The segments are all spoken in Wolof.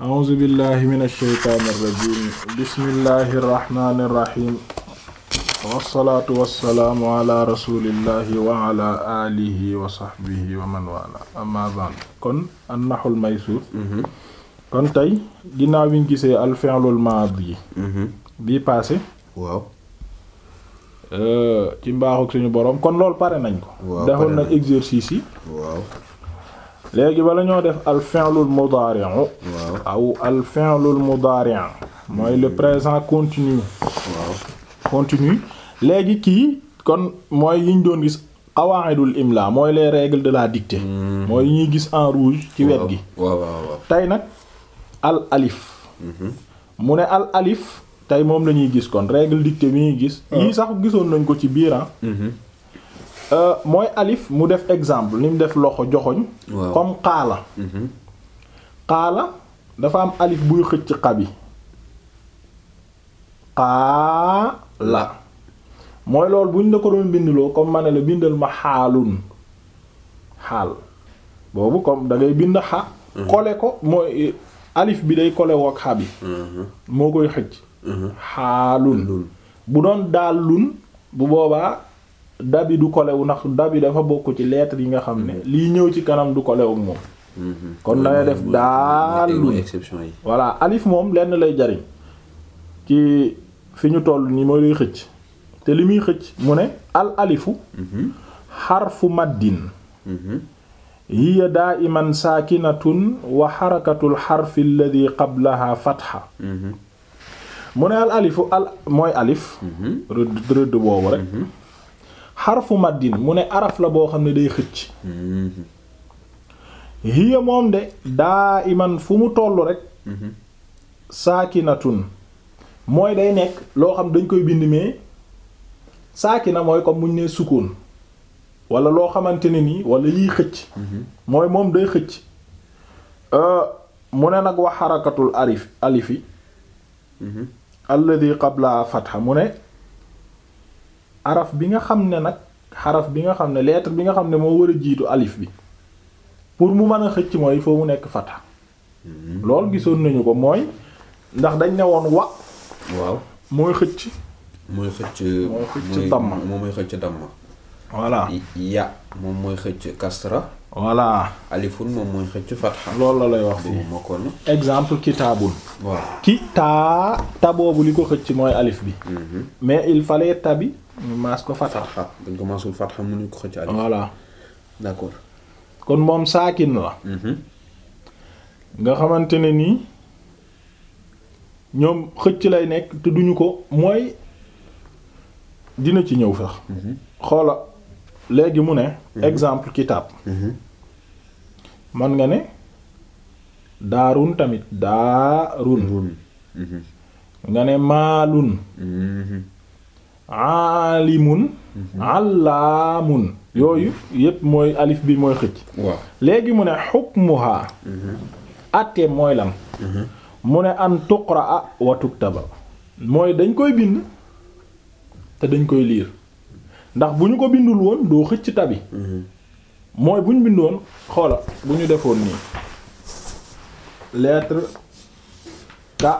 a'uuzu billahi mina shaytaani rajiim bismillahi rahmaani rahiim wassalaatu wassalaamu ala rasulillahi wa ala alihi wa sahbihi wa man wala amma ba'd kon an-nahul maysur mhm. kon tey ginnaaw mhm. bi ñu gisee al fi'lul maadi bii passé waaw euh, ci mbaaxu suñu boroom kon loolu pare nañ ko defoon nañ exercice yi waaw léegi bala ñoo def al fi'lul mudari'u aw al fi'lul mudari'u mooy le présent continu continu léegi kii kon mooy yiñ doon gis qawaidul imla mooy les règles de la dictée hmm. mooy yi ñuy gis en rouge ci wet gi tey nag al alif mhm. mu ne al alif tey moom lañuy gis kon règle dictée bi ñuy gis ah. yii sax gisoon nañ ko ci biiran ah. mhm. Euh, mooy alif mu def exemple ni mu def loxo joxoñ comme xaala mm-hmm. xaala dafa am alif buy xëcc xabi xaala mooy loolu buñ la ko doon bindloo comme ma ne la bindal ma xaalun xaal boobu comme da bind xa mm-hmm. kole ko mooy alif bi day kole woog xa mm-hmm. moo koy xëcc xaalun bu doon daalun bu boobaa dab yi du kolewu ndax dab yi dafa bokk ci lettre yi nga xam ne mm-hmm. lii ñëw ci kanam du kolewu moom mm-hmm. kon dangay def daal lu yi voilà alif moom lenn lay jariñ ci fi ñu toll nii mooy lay xëcc te li muy xëcc mu ne al alifu mm-hmm. xarfu maddin hiya daaiman saakinatun wa xarakatul xarfi alladi qablaha fatxa mu ne al alifu al mooy alif rëdd rëdd boobu rek xarfu maddin mu ne araf la boo xam ne day xëcc hiya moom de daa iman fu mu toll rek saakinatun mooy day nekk loo xam dañ koy bind saaki na mooy comme mu ne sukkoon walla loo xamante ne nii wala yiy xëcc mooy moom day xëcc euh, mu ne nag wax xarakatul arif alifi mhm. alladi qabla fatha mu ne araf bi nga xam ne nag xaraf bi nga xam ne lettre bi nga xam ne moo war a jiitu alif bi pour mu mën a xëcc mooy foo mu nekk fata mhm. lool gisoon nañu ko mooy ndax dañ ne woon wa waaw mooy xëcc mooy xëcc mooy xëcc moom mooy xëcc damma voilà ya moom mooy xëcc kasra voilà alifun moom mooy xëcc fatha loolu la lay wax fii moo kon exemple kitaabun waaw ki taa ta boobu li ko xëcc mooy alif bi mhm. mais il fallait tabi ñu maas ko fatxa buñ ko maasul fatxa mënuñ ko xëcc alif voilà d'accord kon moom saakin la mhm. nga xamante ne nii ñoom xëcc lay nekk te duñu ko mooy dina ci ñëw fex mhm. xoola léegi mu ne mhm. exemple kitaab man nga ne daarun tamit daarun nga ne maalun alimun mhm. allaamun yooyu yépp mooy alif bi mooy xëcc léegi mu ne xukmuha àtte mhm. mooy lan mhm. mu ne an tuqraa wa tuktaba mooy dañ koy bind te dañ koy liir ndax bu ñu ko bindul woon doo xëcc tabi mooy bu ñu bindoon xoola bu ñu defoon nii lettre ta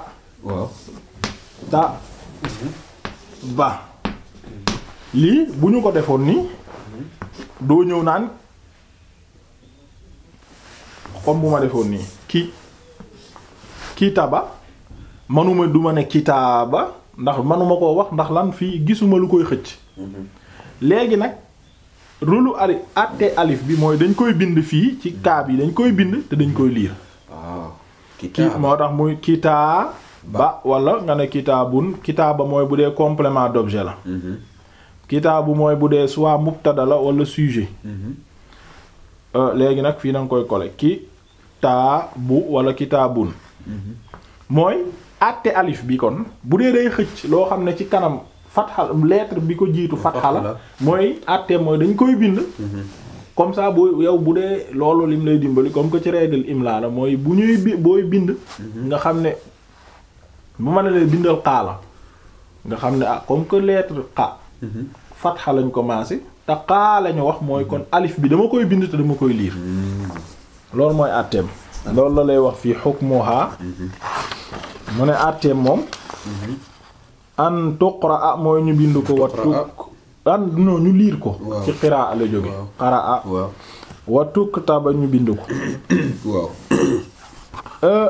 ta ba lii bu ñu ko defoon nii doo ñëw naan xom bu ma defoon nii ki kitaba manuma duma ne kitaaba ndax manuma koo wax ndax lan fii gisuma lu koy xëcc léegi nag rulu ali àtte alif bi mooy dañ koy bind fii ci kaab yi dañ koy bind te dañ koy liir ah, ki moo tax muy kitaaba wala nga ne kitaabun kitaaba mooy bu dee complement d'objet la mhm. kitaabu mooy bu dee soit mubtada la wala sujet mhm. euh, léegi nag fii na nga koy kole kitaabu wala kitaabun mhm. mooy àtte alif bi kon bu dee day xëcc loo xam ne ci kanam fatxa leetr bi ko jiitu fat la mooy àtte mooy dañ koy bind mhm. comme ça boo yow bu dee loolu lim lay dimbali comme que ci reedal imla la mooy bu ñuy bi booy bind nga xam ne bu mën a lay bindal xaa nga xam ne ah comme que leetr xa fatxa lañ commencé te xaa lañu wax mooy kon alif bi dama koy bind te dama koy liir loolu mooy àtteem loolu la lay wax fii xukmuha mu ne àtteem moom an tuqra a mooy ñu bind ko wa tuk an ñu liir ko ci qiraa la jóge qaraa wa tuktaba ñu bind ko euh,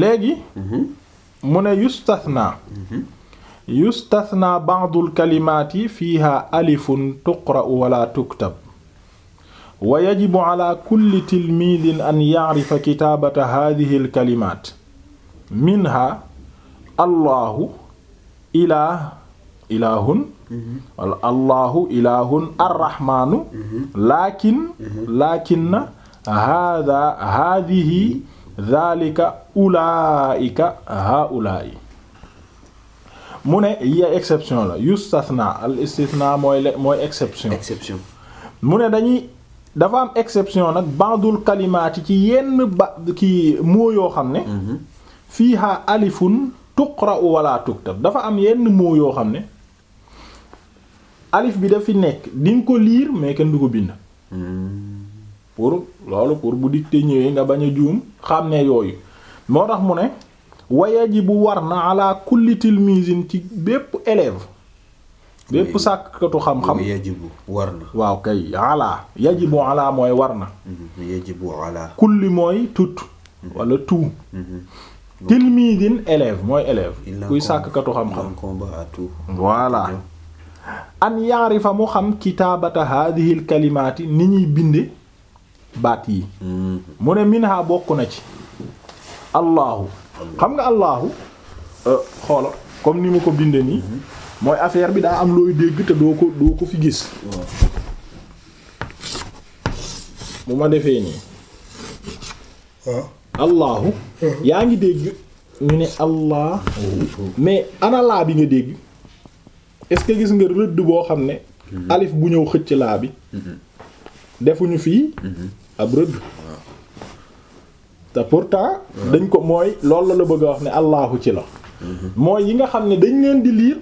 léegi mhm. mu ne yustathna mhm. yustathna ba'dul kalimaati fiiha alifun tuqra'u wala tuktab wa yajibu ala kulli tilmiidin an ya'rifa kitaabata haadihil kalimaat minha allahu ilaah ilaahun mhm. wala allahu ilaahun arrahmaanu mhm. laakin laakinna haada haadihi zalika mu ne yi la yustasna al istisna mu ne dañuy dafa am exception nag bandul kalimaat ci yenn ba ki moo yoo xam ne mhm. fiiha alifun tuqra wala tuktab dafa am yenn moo yoo xam ne alif bi dafi nekk di ko liir mais kenn du ko bind mhm. pour loolu pour bu dicte ñëwee nga bañ a juum xam ne yooyu moo tax mu ne wayajibu war na ala kulli tilmisin ci bépp élève bépp sàkkatu xam yajibu war na waaw kay ala yajibu ala mooy war na mhm. kulli mooy tut mhm. wala tout mhm. tilmisin élève mooy élève kuy sàkkatu xam-xam voilà an yaarifa mu xam kitaabata hadhihi al ni ñuy binde baat yi mm-hmm. mu ne minha bokk na ci allahu xam nga allahu euh, xoola comme ni ma ko binde nii mm-hmm. mooy affaire bi daa am looy dégg te doo ko doo ko fi gis mm-hmm. bu ma defee nii ah. allahu yaa ngi dégg ñu ne allah mais ana bi nga dégg est-ce que gis nga rëdd boo xam ne alif bu ñëw xëcc laa bi defuñu fii ab rëdd te pourtant dañ ko mooy loolu la la bëgg a wax ne allahu ci la mooy yi nga xam ne dañ leen di liir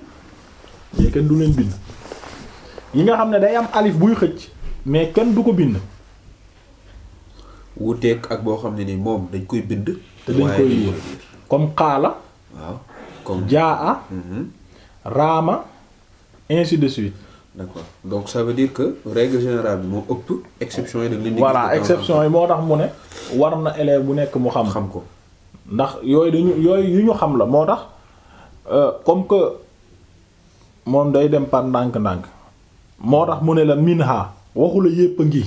mais kenn du leen bind yi nga xam ne day am alif buy xëcc mais kenn du ko bind wuteeg ak boo xam ne ni moom dañ koy bind te dañ koy liir comme xaala waaw jaa a mhm. raama ainsi de suite d' accord donc ça veut dire que règle générale bi moo ëpp. exception yi dañ leen di. voilà exception yi moo tax mu ne. war na élève bu nekk mu xam. ko ndax yooyu dañu yooyu yu ñu xam la moo tax euh, comme que moom day dem par ndànk-ndànk moo tax mu ne la minha waxu la yépp a ngi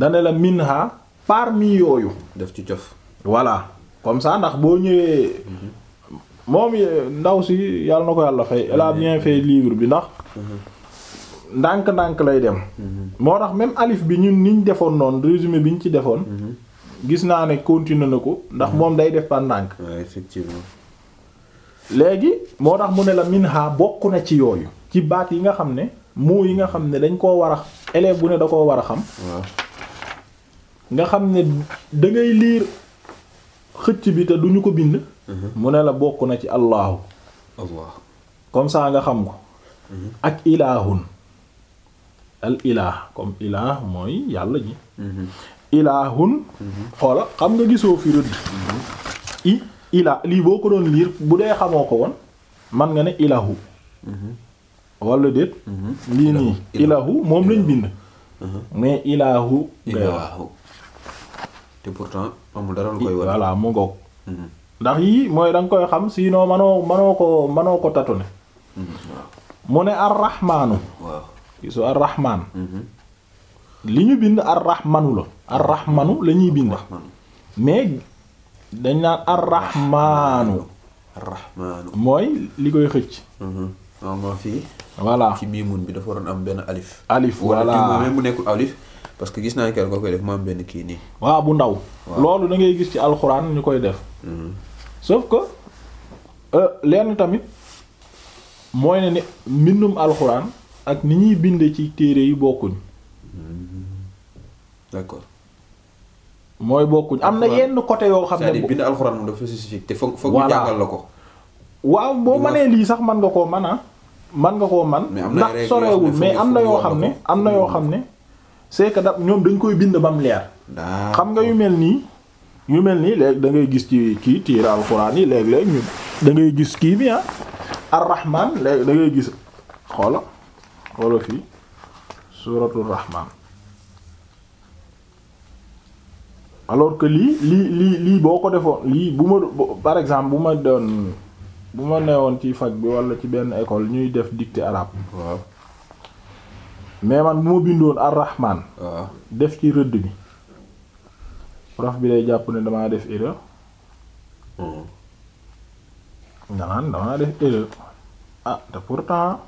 dane la minha parmi yooyu. def ci cof. voilà comme ça ndax boo ñëwee. Mhm. moom ndaw si yàlla na ko yàlla fay elle a bien fait livre bi ndax mhm. ndànk-ndànk lay dem mhm. moo tax même alif bi ñun niñ defoon noonu résumé bi ñu ci defoon mhm. gis naa ne continuer na ko ndax moom day def par ndànk léegi moo tax mu ne la minha bokk na ci yooyu ci baat yi nga xam ne moo yi nga xam ne dañ koo war a élève da koo war a xam nga xam ne da ngay xëcc bi te du ñu ko bind mhm. mu ne la bokk na ci allahu allah comme ça nga xam ko mhm. ak ilaahun al ilaah comme ilaah mooy yàlla ji mhm. ilaahun xoola xam nga gisoo fi rëdd i ilaah lii boo ko doon liir bu dee xamoo ko woon man nga ne ilahu wala déet lii nii ilahu moom lañ bind mais ilahu ngay wax te pourtant amul dara lu koy mu ngoog. Mhm. ndax yii mooy da nga koy xam sinon manoo manoo ko manoo ko tatone mhm, mu ne arrahmaanu gisu arrahmaan mhm. li ñu bind arrahmanu la arrahmanu lañuy ñuy bind mais dañ naan arrahmaanu arrahmaanu mooy li koy xëcc waaw ah, moo fii voilà ci miimun bi dafa waroon am benn alif alif voilà mu nekkul alif parce que gis naa keroog nga koy def mu benn kii nii. waaw bu ndaw. loolu da ngay gis ci alxuraan ñu koy def. Mhm. sauf ko euh, lenn tamit mooy ne ni mbindum alxuraan ak ni ñuy binde ci téere yi bokkuñ. Mhm. d'accord. mooy bokkuñ am na yenn côté yoo xam ne. c'est-à-dire bind alxuraan moom dafa spécifique te foog foog ñu jàngal la waaw boo mënee lii sax mën nga koo mën a. Ah. mën nga koo man mais am na sorewul mais am na yoo xam ne am na yoo xam ne. c'est que da ñoom dañ koy bind ba leer. xam nga yu mel nii. yu mel nii léegi dangay gis ci kii tiira alxuraan yi léeg-léeg ñu da gis kii bi ah arrahman léegi da gis xoola xoola fi suratul rahman alors que lii lii lii lii boo ko defoon lii bu ma par exemple bu ma doon bu ma neewoon ci fac bi walla ci benn école ñuy def dictée arabe waaw mais man bu ma bindoon arrahman ah. def ci rëdd bi prof bi day jàpp ne damaa def erreur danaan hmm. damaa def erreur ah te pourtant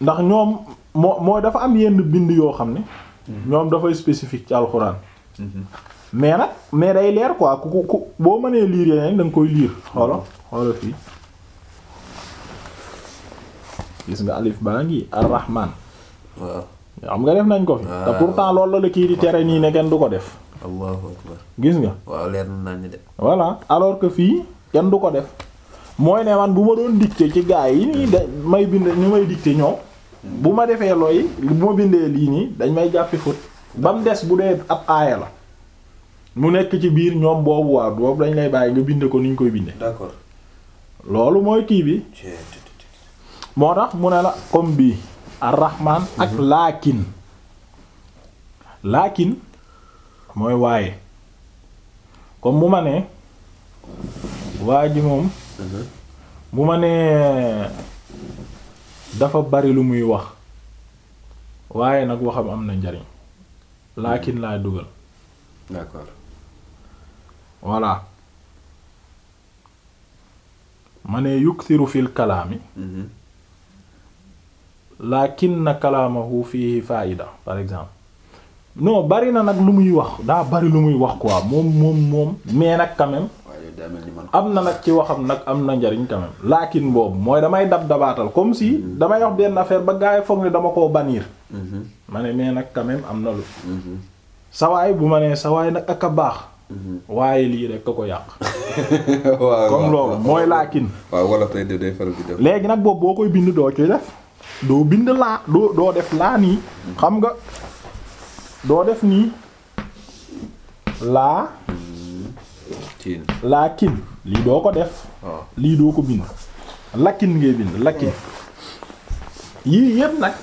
ndax ñoom moo mooy dafa am yenn bind yoo xam ne hmm. ñoom dafay spécifique ci alxuraan hmm. mais nag mais day leer ko ku ku boo mënee liir yeneen da koy liir xoolo xoolo fii gis nga alif baa ngi arrahman waaw xam nga def nañ ko fi te pourtant loolu la la kii di tere nii ne kenn du ko def gis nga waaw leer nañ de voilà alors que fii kenn du ko def mooy ne man bu ma doon dicté ci gaa yi nii da may bind ñu may dicté ñoom bu ma defee looy bu ma bindee lii nii dañ may jàppi fët ba mu des bu dee ab aaya la mu nekk ci biir ñoom boobu waaw boobu dañ lay bàyyi nga bind ko ni ñu koy binde d'accord loolu mooy kii bi moo tax mu ne la comme bi arrahman ak mhm. laakin laakin mooy waaye comme mu ma nee waa ji moom mhm. bu ma nee dafa bari lu muy wax waaye nag waxam am na njariñ laakin laay dugal d'accord voilà ma ne yukk yuksiru fil kalaami mhm. lakinna kalaamahu fihi faida par exemple no bari na nag lu muy wax daa bari lu muy wax ko moom moom moom mais nag quand même am na nag ci waxam nag am na njariñ quand lakin laakin boobu mooy damay dab dabaatal comme si mm-hmm. damay wax benn affaire ba gars yi foog ne dama koo baniir mm-hmm. ma ne mais nag quand am na lu mm-hmm. sawaay bu ma nee sawaay nag ak a baax waaye lii rek a ko yàq comme loolu mooy laakin waaw wala tey léegi nag boobu boo koy bind doo ci def doo bind laa doo def laa nii xam nga doo def nii laa laakin lii doo ko def ah. lii doo ko bind lakin ngay bind lakin yii yépp nag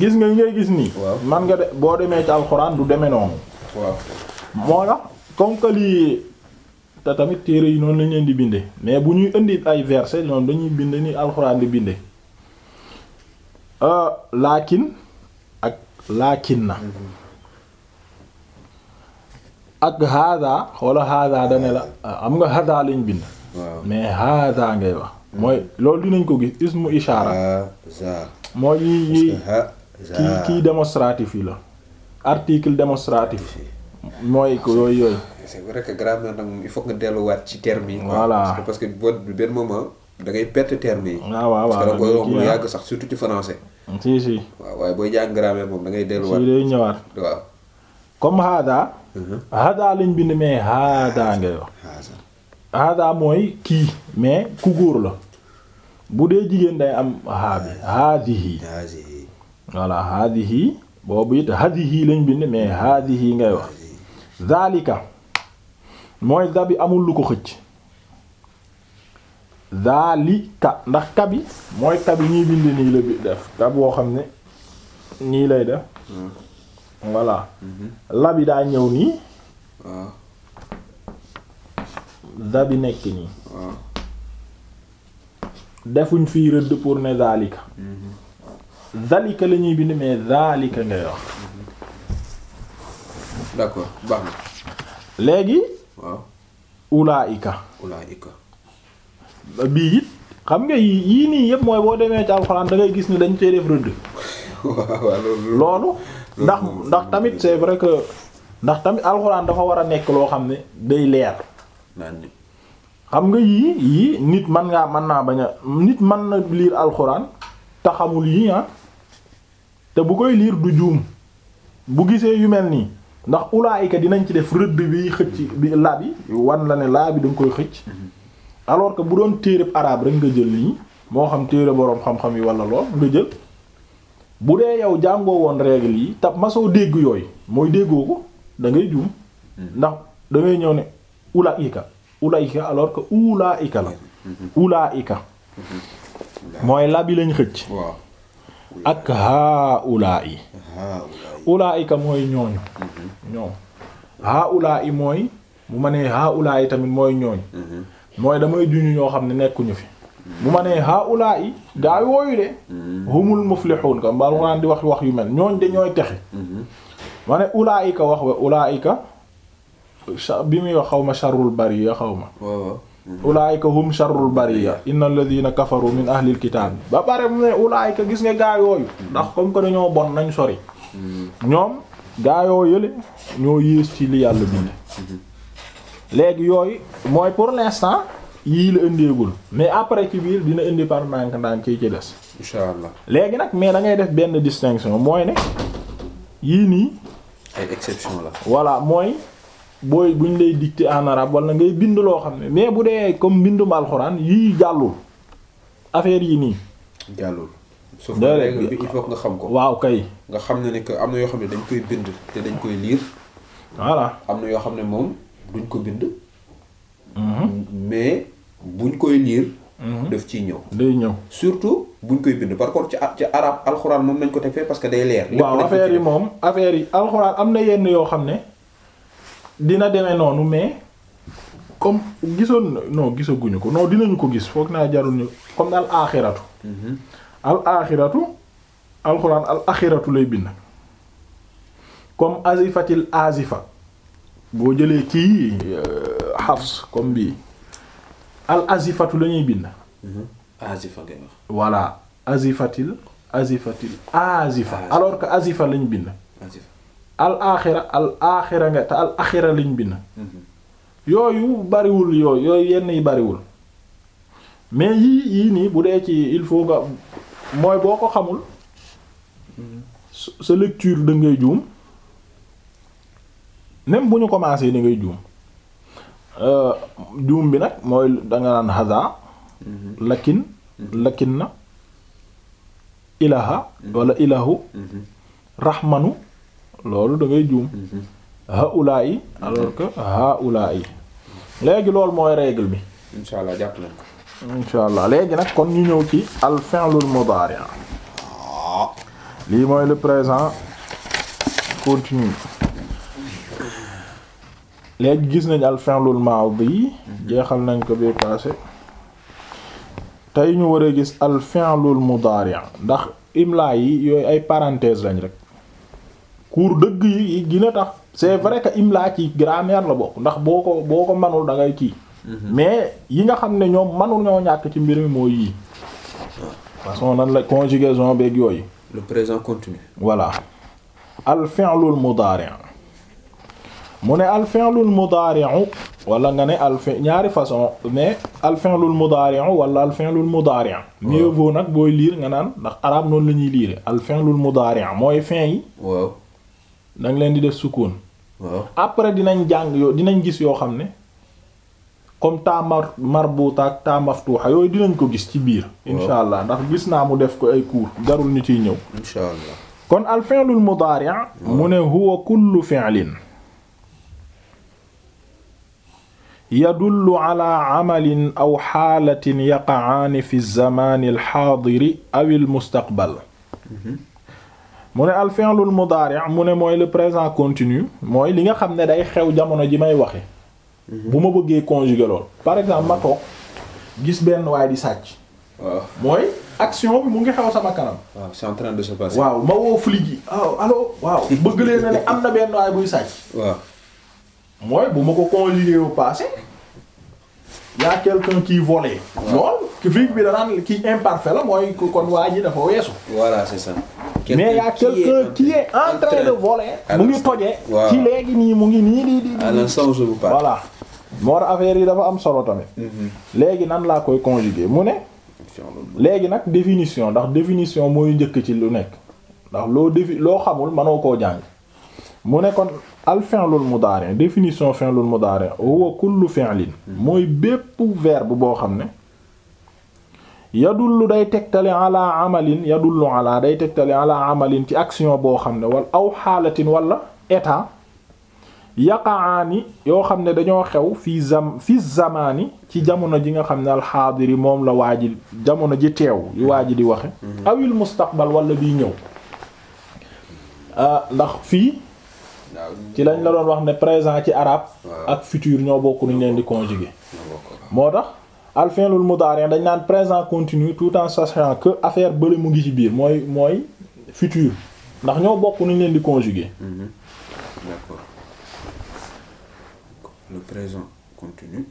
gis nga ngay gis nii man nga de boo demee ci alxuraan du deme noonu moo tax comme te tamit téere yi noonu lañ leen di binde mais bu ñuy indi ay verset ñoom dañuy bind ni alxuraan di binde Euh, laakin ak laakinna ak hada xoola hada dane la am nga hada lañ bind mais hada ngay wax mooy loolu dinañ ko gis ismu ishaara mooy yi yi kii kii démonstratif yi la article démonstratif mooy ko yooyu yooyu c'est vrai que grammaire nag moom il foog nga delluwaat ci terme yi voilà parce que boo benn moment da ngay perte terme yi waaw ah, waaw waaw parce que da koy yomb yàgg sax surtout ci français si si waaw waaye booy jàng grammaire moom da ngay ñëwaat comme hada hada mhm. lañ bind mais hada ngay wax hada mooy kii mais ku góor la bu dee jigéen day am haa bi hadihi voilà hadihi boobu it hadihi lañ bind mais hadihi ngay wax zalika mooy dabi amul lu ko xëcc daalika ndax kabi mooy kabi ñuy bind nii la bi def kab boo xam ne nii lay def hmm. voilà hmm. labi daa ñëw nii da ah. nekk nii ah. defuñ fii rëdd pour ne daalika daalika hmm. la bind mais daalika ngay wax léegi ulaayika bii it xam nga yii nii yëpp mooy boo demee ci alxuraan da ngay gis ni dañ cee def rëdd. loolu ndax ndax tamit c'est vrai que ndax tamit alxuraan dafa war a nekk loo xam ne day leer. xam nga yii yii nit mën ngaa mën naa bañ a nit mën na liir alxuraan te xamul yii ah, te bu koy liir du juum bu gisee yu mel nii ndax ulaayika dinañ ci def rëdd bi xëcc bi laa bi wan la ne laa bi koy xëcc. Mhm. alors que bu doon téereb arabe rek nga jël lii moo xam téere boroom xam-xam yi wala lool nga jël bu dee yow jàngoo woon règle yi tab masoo dégg yooyu mooy déggoo ko da ngay juum hmm. ndax da ñëw ne ulaika ulaika alors que ulaika la hmm. ulaika hmm. mooy labi lañ xëcc ak haula'i ulaika mooy ñooñu ñoom haula'i mooy bu ma nee haula'i tamit mooy ñooñ mooy damay juñu ñoo xam ne nekkuñu fi bu ma nee haula yi gaa yooyu de humul muflihun ka mbal naan di wax wax yu mel ñooñ de ñooy texe ma ne ulaayika wax we ulaayika bi muy wax xaw ma sharrul bariya xaw ma ulaayika hum sharrul bariya innal ladhina kafaru min ahlil kitaab ba bare mu ne ulaayika gis nga gaa ndax comme que dañoo bon nañ sori mm. ñoom gaa yoo ñoo yées ci li yàlla bind mm-hmm. léegi yooyu mooy pour l'instant yii la indeegul mais après ci biir dina indi par ndànk-ndànk yi ci des. incha allah léegi nag mais da ngay def benn distinction mooy ne yii nii. ay la. voilà mooy booy buñ lay dicter en arabe wala ngay bind loo xam ne mais bu dee comme mbindum alxuraan yii jàllul affaire yi nii. jàllul. sauf que nga xam ko. waaw kay. nga xam ne ne que am na yoo xam ne dañ koy bind te dañ koy lire. voilà am na yoo xam ne moom. duñ ko bind. Mhm. mais buñ koy liir. Mhm. daf ciy ñëw. day ñëw surtout buñ koy bind par contre ci ci arab alxuraan moom nañ ko teg fee parce que day leer. waaw affaire yi moom affaire yi alxuraan am na yenn yoo xam ne dina demee noonu mais comme gisoon non gisaguñu ko non dinañu ko gis foog naa jarul ñu comme mhm. al axiratu. al axiratu alxuraan al axiratu lay bind. comme azifatil azifa boo jëlee kii euh, Hafs comme bii al azifatu la ñuy bind. Mhm. azifa ngay wax. voilà azifatil azifatil azifa alors que azifa lañ bind. azifa al axira al axira nga te al axira lañ bind. Mhm. yooyu bariwul yooyu yenn yi bariwul mais yii yii nii bu dee ci il faut nga mooy boo ko xamul. Mhm. sa lecture da juum. même bu ñu commencé da ngay juum euh, juum bi nag mooy danga naan hada mhm. lakin mhm. lakin na ilaha mhm. wala ilahu rahmanu loolu da ngay juum haula yi alors que haula yi léegi loolu mooy régle bi insha allah jàpp na insha allah léegi nag kon ñu ñëw ci al fi'lul mudari' lii mooy le présent continu léegi gis nañ al fi'lul maadi mhm. jeexal nañ ko bi passé tey ñu war a gis al fi'lul mudaari' ndax imla yi yooyu ay parenthèse lañ rek cours dëgg yi gina tax c'est vrai que imla ci grammaire la bokk ndax boo ko boo ko manul da ngay kii mhm. mais yi nga xam ne ñoom manul ñoo ñàkk ci mbir mi mooy yii ah. façon nan la conjugaison beeg yooyu le présent continu voilà al fi'lul mudaari' mu ne al fi'lul mudaari'u wala nga ne al ñaari façon mais al fi'lul mudaari'u wala al fi'lul mudaari' mieux nag booy liir nga naan ndax arab noonu la ñuy liire al fi'lul mudaari' mooy fin yi waaw danga leen di def sukkoon après dinañ jàng yoo dinañ gis yoo xam ne comme taamar mar marbuuta ak taa maftuuxa yooyu dinañ ko gis ci biir insha allah ndax gis naa mu def ko ay cours garul ñu ciy ñëw kon al fi'lul mudaari' mu ne huwa kullu fi'lin yadullu ala amalin aw xaalatin continu mooy li xam ne day xew jamono ji may waxe bu ma bëggee conjuguer lool par exemple ma toog gis benn waay di sàcc mooy action bi mu ngi xew sama kanam. ma woo flic ah, bëgg leen ne am na benn waay buy sàcc. mooy bu ma ko conjugué au passé y a quelqu'un qui volait. lool ki fii bi danaan ki imparfait la mooy kon waa ji dafa weesu. voilà c'est ça. mais y a quelqu'un qui est en train de voler. mu ngi tojee. ci léegi nii mu ngi nii di di. à l'instant où je vous parle. voilà moo tax affaire yi dafa am solo tamit. Mm-hmm. léegi nan laa koy conjuguer mu ne. léegi nag définition ndax définition mooy njëkk ci lu nekk ndax loo défi loo xamul mënoo koo jàng mu ne kon. al fi'lul mudari définition fi'lul mudari huwa kullu fi'lin mooy bépp verbe boo xam ne yadullu day tegtale ala amalin yadullu ala day tegtale ala amalin ci action boo xam ne wala aw xaalatin wala état yaqaani yoo xam ne dañoo xew fii zam fi zamaani ci jamono ji nga xam ne alxaadiri moom la waa ji jamono ji teew waa ji di waxe mhm. awil mustaqbal wala biy ñëw ah, ndax fii ci lañ la doon wax ne présent ci arabe ak futur ñoo bokk nuñ leen di conjuguer moo tax al fi'lul mudari dañ naan présent continu tout en sachant que affaire bële mu ngi ci biir mooy mooy futur ndax ñoo bokk nuñ leen di conjuguer mhm. d'accord le présent continu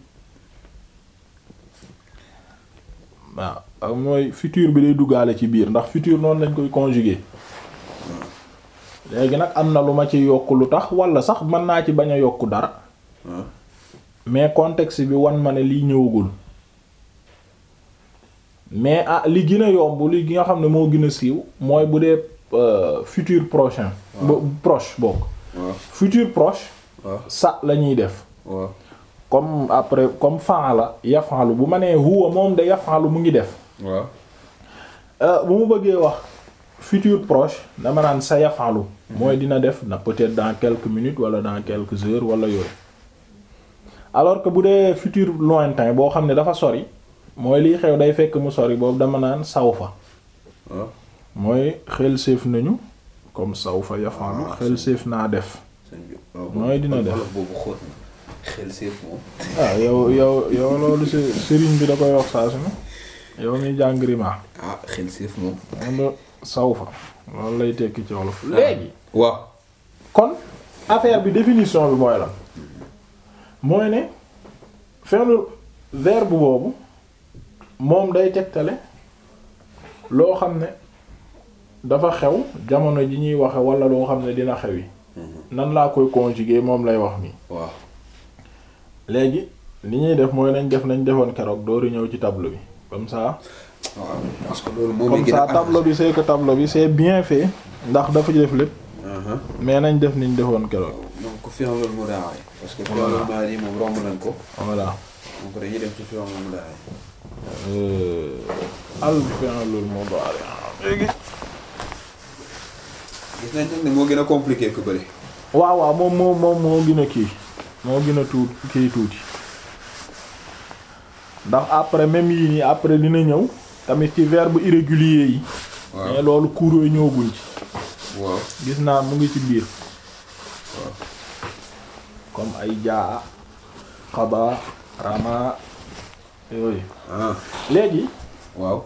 waaw mooy futur bi lay duggaale ci biir ndax futur noonu lañ koy conjuguer léegi nag am na lu ma ci yokk lu tax walla sax man naa ci bañ a yokk dara ah. mais contexte bi wan ma ne lii ñëwagul mais ah li gën a yomb li nga xam ne moo gën a siiw mooy bu dee euh, futur prochain ah. proche bokk ah. futur proche sa la ñuy def comme après comme faala yafalu bu ma nee huwa moom de yafalu mu ngi def euh, bu mu bëggee wax futur proche dama naan sa yafalu mooy dina def na peut dans quelques minutes wala dans quelques heures wala yooyu alors que bu dee futur lointain boo xam ne dafa sori mooy lii xew day fekk mu sori boobu dama naan saw fa ah. mooy xel séef nañu comme saw fa yafalu ah, xel séef naa def ah, mooy dina def xel séef moom ah yow yow yow loolu sëriñ bi da koy wax saa su ne yow muy sawfa loolu lay tekki ci wolof ah. léegi waaw kon affaire bi définition bi mooy la mooy ne fi'lu verbe boobu moom day tegtale loo xam ne dafa xew jamono ji ñuy waxe wala loo xam ne dina xew yi mm-hmm. nan laa koy conjuguer moom lay wax nii waaw léegi li ñuy def mooy nañ def nañ defoon keroog dooru ñëw ci table bi comme ça waaw parce que loolu moom comme ça tableau bi c'est que tableau bi c'est bien fait ndax dafa def lépp. Uh-huh. mais nañ def niñ defoon keroog. donc fi nga xam mu que fi nga xam ne moom ko. voilà donc dañuy dem ci fi mu daawee. Euh, al nañ ne moo gën a compliqué ku waaw moom moo moom moo gën a kii moo gën a tuut kii tuuti ndax après même yii nii après dina ñëw. tamit ci verbe irrégulier yi. waaw mais loolu cours yooyu ñëwaguñ waaw gis naa mu ngi ci biir. waaw comme ay jaa xaba rama ah. léegi. waaw.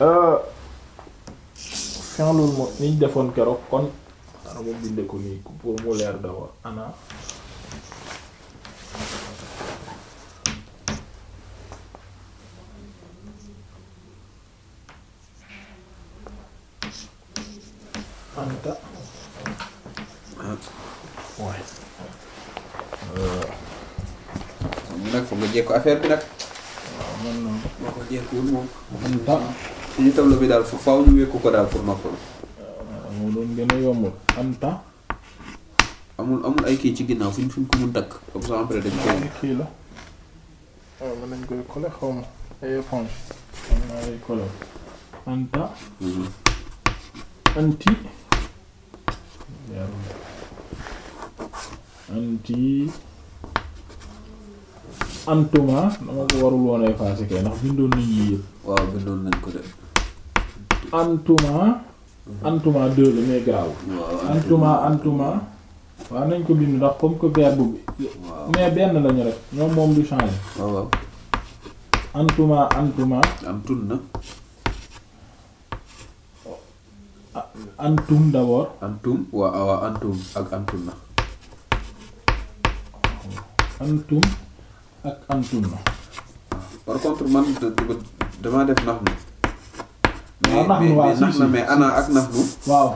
Euh, fi'lul mo niñ defoon keroog kon. dara ma bind ko nii pour mu leer d'abord ana. anta waaye euh, moom nag affaire bi nag bi daal faaw ñu wékku ko daal pour euh, amul amul ay kii ci ginnaaw fuñ fuñ ko mun takk comme ça après dañ koy kii la nañ koy coller xaw ma ay éponge naa lay coller anta mhm. anti anti antuma dama ko warul woon ay kay ndax bindoon nañ lii yëpp waaw bindoon nañ ko de antuma antuma deux mais grave antuma antuma waaw nañ ko bind ndax comme que verbe bi mais benn lañu rek ñoom moom du changer antuma antuma antun na antum d'abord. antum waaw waaw antum ak antum na. antum ak antum na. par contre man damaa def nax nu. waaw ah, nax nu waaw mais nax na mais ana ak nax nu. waaw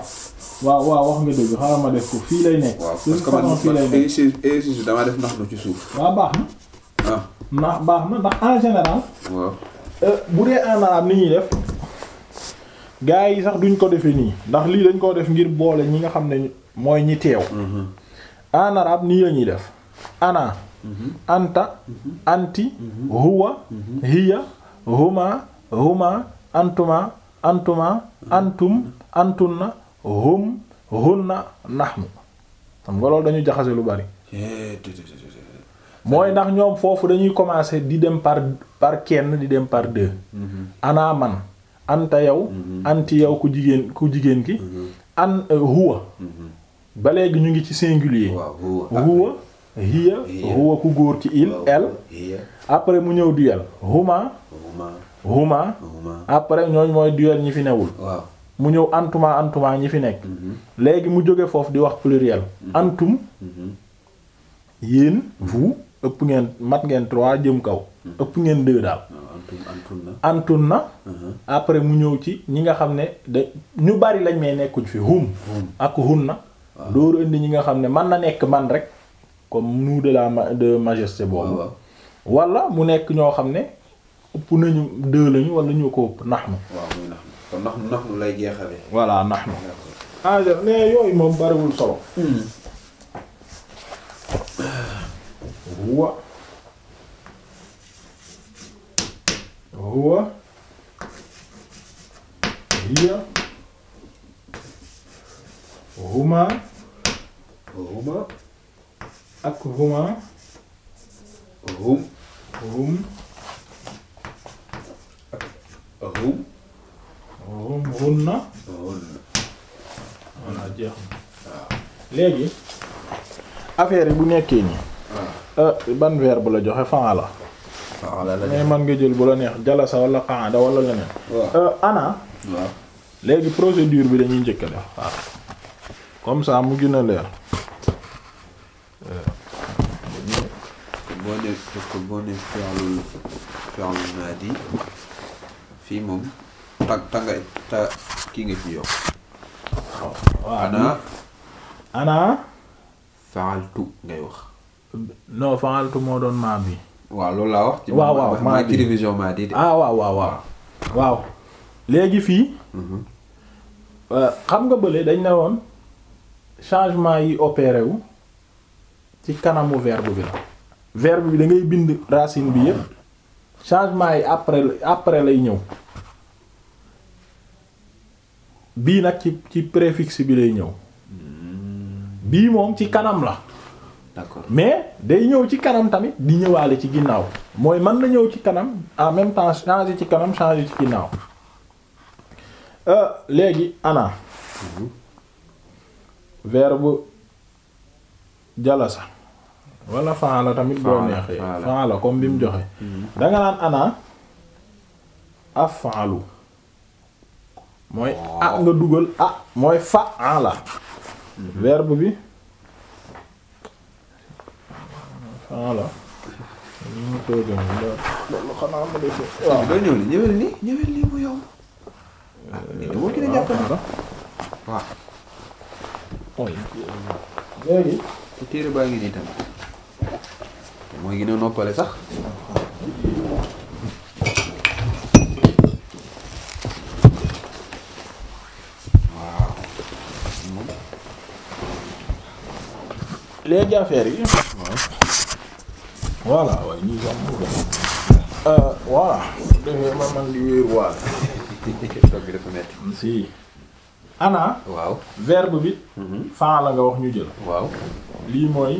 waaw waaw wax nga dëgg xaaral ma def ko fii lay nekk. waaw parce que man man eh, damaa def nax nu ci suuf. waaw baax na. ah ndax baax na ndax en général. waaw euh, bu dee en arabe ni ñuy def. gaa yi sax duñ ko defee nii ndax lii dañ koo def ngir boole ñi nga xam ne mooy ñi teew. en mm-hmm. arabe nii la ñuy def. ana. Mm-hmm. anta. Mm-hmm. anti. huwa. hiya. huma. huma. antuma. antuma. antum. antunna. hum. hunna. nahnu. xam nga loolu dañu jaxase lu bari. mooy ndax ñoom foofu dañuy commencer di dem par par kenn di dem par deux. ana man. anta yow mhm. anti yow ku jigéen ku jigéen ki mhm. an euh, huwa mhm. ba léegi ñu ngi ci singulier huwa ah. hiya huwa ku góor ci il el après mu ñëw duel huma huma après ñooñ mooy duel ñi fi newul mu ñëw antuma antuma ñi fi nekk léegi mu jóge foofu di wax pluriel antum yéen vous ëpp ngeen mat ngeen trois jëm kaw ëpp ngeen deux antun na uh-huh. après mu ñëw ci ñi nga xam ne da ñu bari lañ may nekkuñ fi hum ak hun na dooru indi ñi nga xam ne man na nekk man rek comme nous de la de majesté boobu wala mu nekk ñoo xam ne ëpp nañu deux lañu wala ñu ko ëpp nax nu kon nax nu nax voilà nax ah, yooyu moom bariwul solo hmm. huwa hiya huma huma ak huma hum hum ak hum hum hunna hunna léegi affaire yi bu nekkee nii ah. euh, ban verbe la joxe fa'ala la mais man nga jël bu la neex jalasa wala qaada wala leneen. ana. Euh, léegi procédure bi dañuy njëkk a def ah. comme ça mu gën a leer. Euh, boo def parce que boo def fi'lul fi'lul maadi fii moom tag tagay ta kii nga ci yow. waaw ana. ana. fa'altu ngay wax. non fa'altu moo doon maa bi. waaw loolu laa wax. Ah, waaw waaw maa di télévision maa di. ah waaw léegi fii. Mhm. Euh, xam nga bële dañ ne woon changement yi opéré wu ci kanamu verbe bi la. verbe bi da ngay bind racine bi yëpp changement yi après après lay ñëw bii nag ci ci préfixe bi lay ñëw hmm. bii moom ci kanam la. d'accord mais day ñëw ci kanam tamit di ñëwaale ci ginnaaw mooy mën na ñëw ci kanam en même temps changer ci kanam changer ci ginnaaw euh, léegi ana mhm. verbe jalasa wala faala tamit boo neexee faala comme bi mu joxe mhm. danga naan ana af'alu mooy oh. a ah, nga dugal a ah, mooy fa'ala ah, mhm. verbe bi voilà. loolu ñëw ni ñëwal ni mu yomb. Euh, ah gën a jàppale. waaw. mooy. baa ngi nii tamit. mooy gën a noppale sax. waaw. léegi affaire yi. voilà waaye ñii mu ngi bi dafa metti. si. ana. waaw verbe bi. Mhm. faa la nga wax ñu jël. waaw lii mooy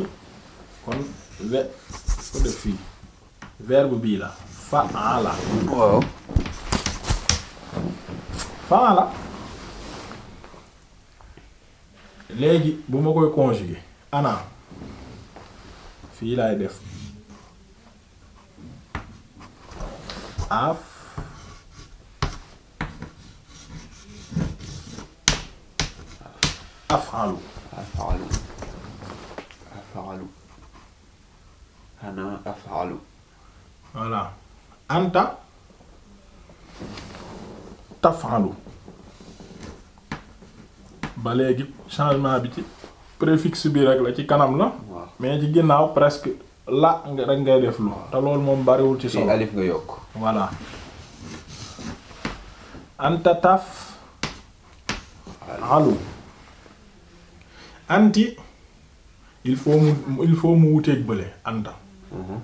kon ve ko def fii verbe bii la. faala. waaw. faala. léegi bu ma koy conjuguer ana fii laay def. af af'alu af'alu af'alu ana af'alu voilà anta taf'alu ba léegi changement bi ci préfixe bi rek la ci kanam la mais ci ginnaaw presque la rek def lu te moom bariwul ci solo alif nga yokk voilà anta taf alu anti il faut mu il faut mu wuteeg bële anta mhm.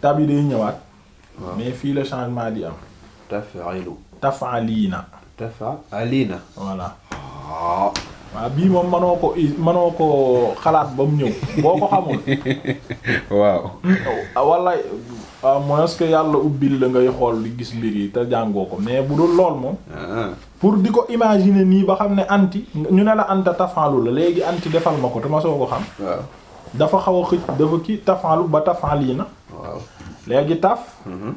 tab yi day ñëwaat mais fii la changement di am tafalu tafalina tafalina voilà ah. waaw bii moom manoo ko manoo ko xalaat ba mu ñëw boo ko xamul waaw wala mooy est yàlla ubbil la ngay xool di gis mbir te jàngoo ko mais bu dul lool moom ah. pour di ko imaginer nii ba xam ne anti ñu ne la anta tafaalu la léegi anti defal ma ko te ko xam dafa xaw a xëcc dafa ki tafaalu ba tafaali na taf mm-hmm.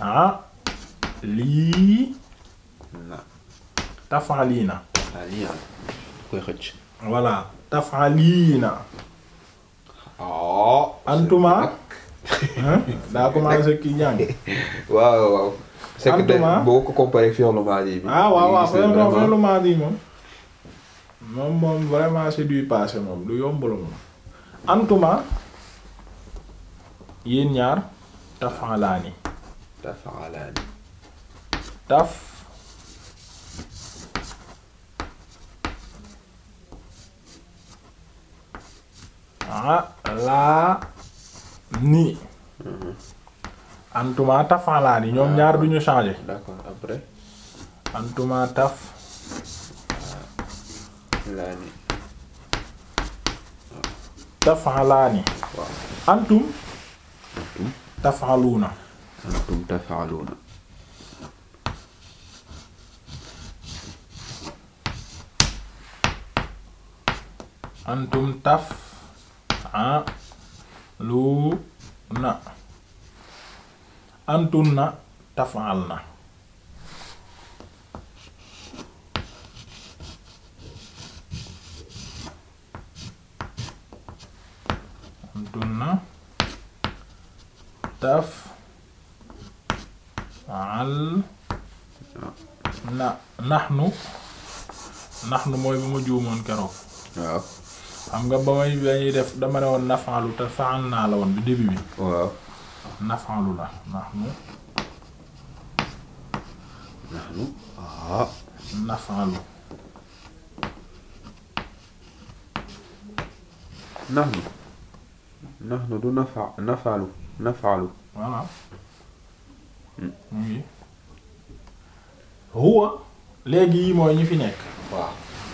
ah lii tafaliina tafaliina koy xëcc voilà tafaliina oh daa commencé kii jàng waaw waaw c'est boo ko comparé ak fi'l madi bi ah waaw waaw fi'l madi moom moom moom vraiment c'est du passé moom lu yomb moom antuma yéen ñaar tafalaani tafalaani taf alaa nii antuma taf alaa nii ñoom ñaar duñu changer ah, d'accord taf taf alaa nii antum taf'aluna antum antum taf yaf'aluna antunna na antunna taf'alna nahnu nahnu mooy bu ma juumoon keroog xam nga ba may dañuy def dama ne woon nafaalu te faal naa la woon bi début bi. waaw nafaalu la nahnu. nahnu waaw. Ah. nafaalu. nahnu. nahnu du nafa nafaalu nafaalu. voilà. Hmm. huwa léegi yi mooy ñi fi nekk.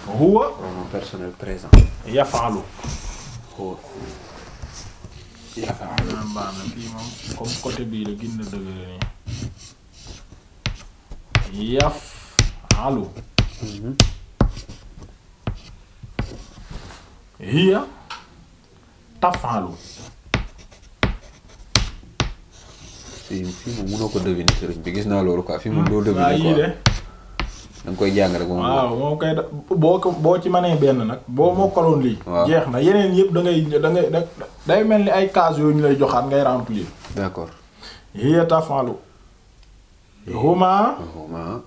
huwa pronom personnel présent yafaalu huwa yafaalu baax na fii moom comme côté bii la gën a dëgër nii yafaalu hiya moom mënoo ko deviner bi gis naa loolu quoi fii moom doo deviner quoi da koy jàng rek moom. koy moom boo ko boo ci mënee benn nag boo hmm. mokkaloon lii. jeex na yeneen yëpp dangay ngay da ngay day mel ni ay case yooyu ñu lay joxaat ngay remplir. d'accord. hiya tafalu. huma. huma.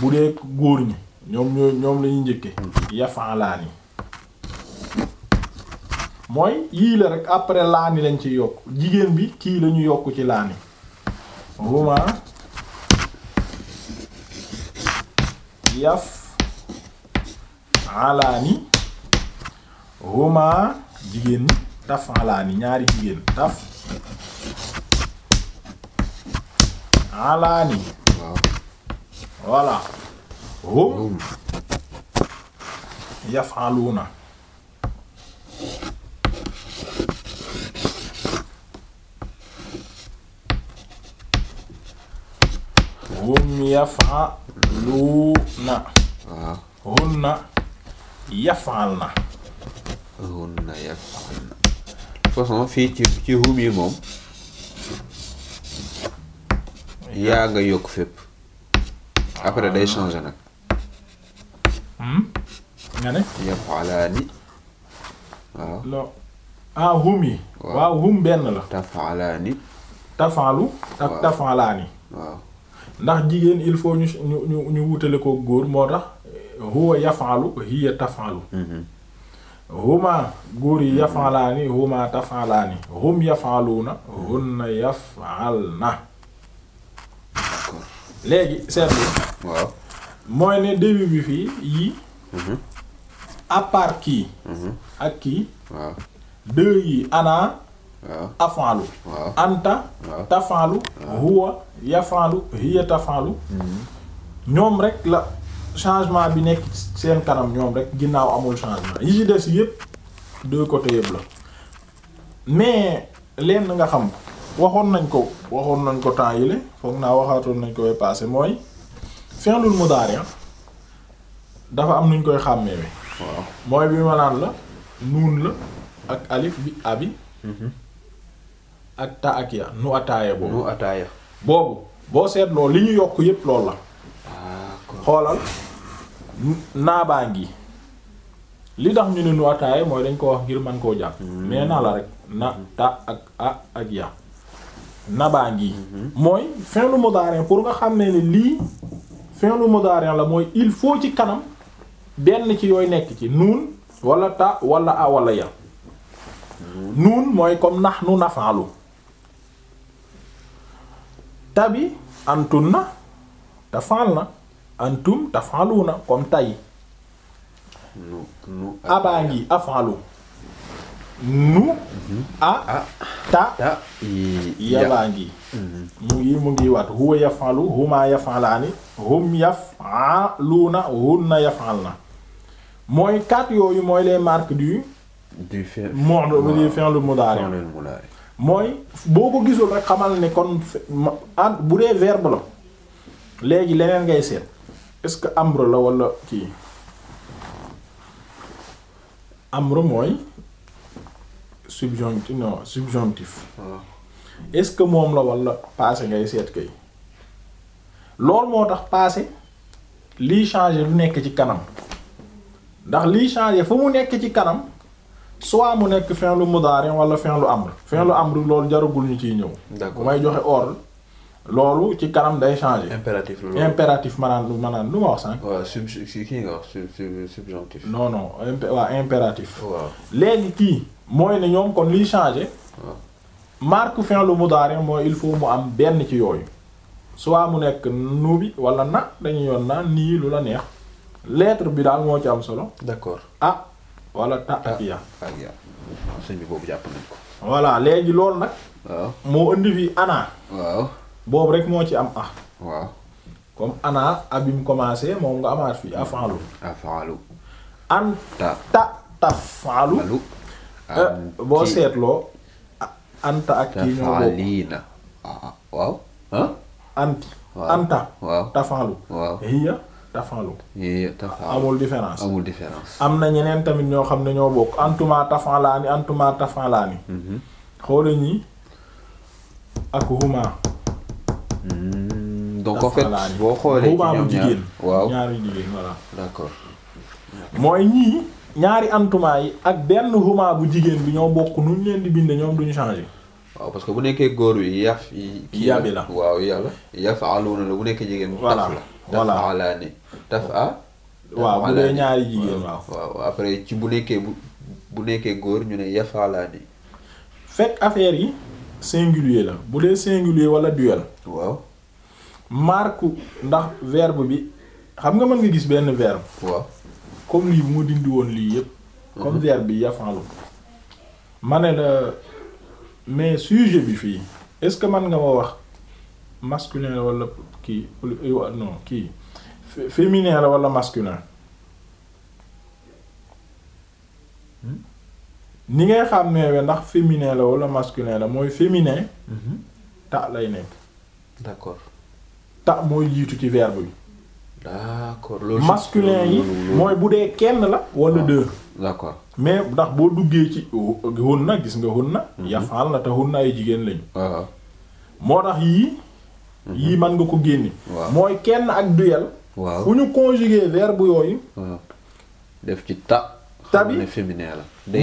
bu dee góor ñi. ñoom ñoo ñoom la ñuy njëkkee. Hmm. yafalaani. mooy la rek après laani lañ ci yokk jigéen bi kii la ñu yokk ci laani. huma. yaf alaani huma jigéen taf alaani ñaari jigéen taf alaani waaw voilà hum yafaluuna hum yafa lu na waaw ah. hun na yafal na hun na yafal na façon fii ci ci yi moom yaa nga yokk fépp après day changer nag hmm? nga ne yafalaani waaw loo ah hum yi waaw hum benn la tafalaani tafalu ak tafalaani waaw ndax jigéen il faut ñu ñu ñu wutale ko góor moo tax huwa yafalu hiya tafalu mhm. huma góor yi yafalaani huma tafalaani hum yafaluuna hunna yafalna léegi seetlu mooy ne début bi fii yii mhm. à kii mhm. ak kii deux yi ana afaalu anta tafaalu huwa yafaalu hiya tafaalu mm-hmm. ñoom rek la changement bi nekk seen kanam ñoom rek ginnaaw amul changement yi ci des yépp deux côtés yépp la mais lenn nga xam waxoon nañ ko waxoon nañ ko temps yile foog naa waxaatoon nañ ko way passé mooy fi'lul mudaari dafa am nuñ koy xàmmee bi mooy bi ma naan la nuun la ak alif bi abi mm-hmm. ak ta ak ya nu ataaya boobu nu ataaya boobu boo seetloo li ñu yokk yépp lool la xoolal naabaa ngi li tax ñu ne nu ataaya mooy dañ ko wax ngir man koo jàpp mais hmm. na la rek na hmm. ta ak a ak ya nabaa hmm. mooy fi'lu mudari pour nga xam ne ni lii fi'lu mudari la mooy il faut ci kanam benn ci yooy nekk ci nuun wala ta wala a wala ya nuun mooy comme nahnu naf'alu tabi antunna tafalna antum tafaluna comme tay nu nu abaa ngi afalu nu a ta yabaa ngi mhm. mu ngi mu ngi waat huwa yafalu huma yafalaani hum yafaluna hunna yafalna mooy quatre yooyu mooy les marques du du fi'l mudari mooy boo ko gisul rek xamal ne kon en bu dee verbe la léegi leneen ngay seet est-ce que amr la walla kii amr mooy subjonctif non subjonctif ce que moom la wala passé ngay seet kay loolu moo tax passé lii changé lu nekk ci kanam ndax lii changé fu mu nekk ci kanam soit mu nekk fin lu mudaari wala fin lu amr fin lu amr loolu jaragul ñu ciy ñëw. d'accord may joxe ordre. loolu ci kanam day changer. impératif la impératif maanaam maanaam lu ma wax sànq. waaw sub kii nga wax subjonctif. non non impé impératif. waaw kii mooy ne ñoom kon liy changer. marque fin lu mudaari mooy il faut mu am benn ci yooyu. soit mu nekk nu bi wala na dañu yoon naan nii lu la neex letre bi daal moo ci am solo. d'accord ah. wala taqiya taqiya sëñ bi boobu jàpp nañ ko voilà léegi loolu nag moo indi fi ana boobu rek moo ci am ah waaw comme ana abim commencé moom nga amaat fii afalu afalu ta tafalu eh, boo seetloo anta ak kii ñoo bokk ah, ah, anti anta tafalu hiya tafalu eh, amul différence amul am na ñeneen tamit ñoo xam ne ñoo bokk antuma tafalaani antuma tafalaani mhm. xoola ñi ak huma mm, donc en fait boo xoolee huma bu jigéen waaw ñaari jigéen voilà d'accord mooy ñii ñaari antuma yi ak benn huma bu jigéen bi ñoo bokk nu ñu leen di binde ñoom duñu changer waaw parce que bu nekkee góor wi yaf yi yabi la waaw yàlla yaf aluna la bu nekkee jigéen bi voilà la voilà tafalaani tafa waaw bu dee ñaari jigéen waaw waaw après ci bu nekkee bu bu nekkee góor ñu ne yafaalaani fekk affaire yi singulier la bu dee singulier wala duel waaw marque ndax verbe bi xam nga mën nga gis benn verbe waaw comme lii bu dindi woon lii yépp comme mhm. verbe bi yafaalu ma ne la mais sujet bi fii est-ce que mën nga ma wax masculin la wala kii euh, non kii féminin la wala masculin hmm? ni ngay xàmmee ndax féminin la wala masculin la mooy féminin mhm. ta lay nekk d'accord ta mooy jiitu ci verbe bi d'accord loolu masculin yi mooy bu dee kenn la wala ah, deux d'accord mais ndax boo duggee ci hun na gis nga hun mhm. na yafaan la te hun na ay jigéen lañu ah. moo tax yii yii man nga ko génne. mooy kenn ak duel. waaw fu ñu conjuguer verbe yooyu. Hmm. def ci ta. tabi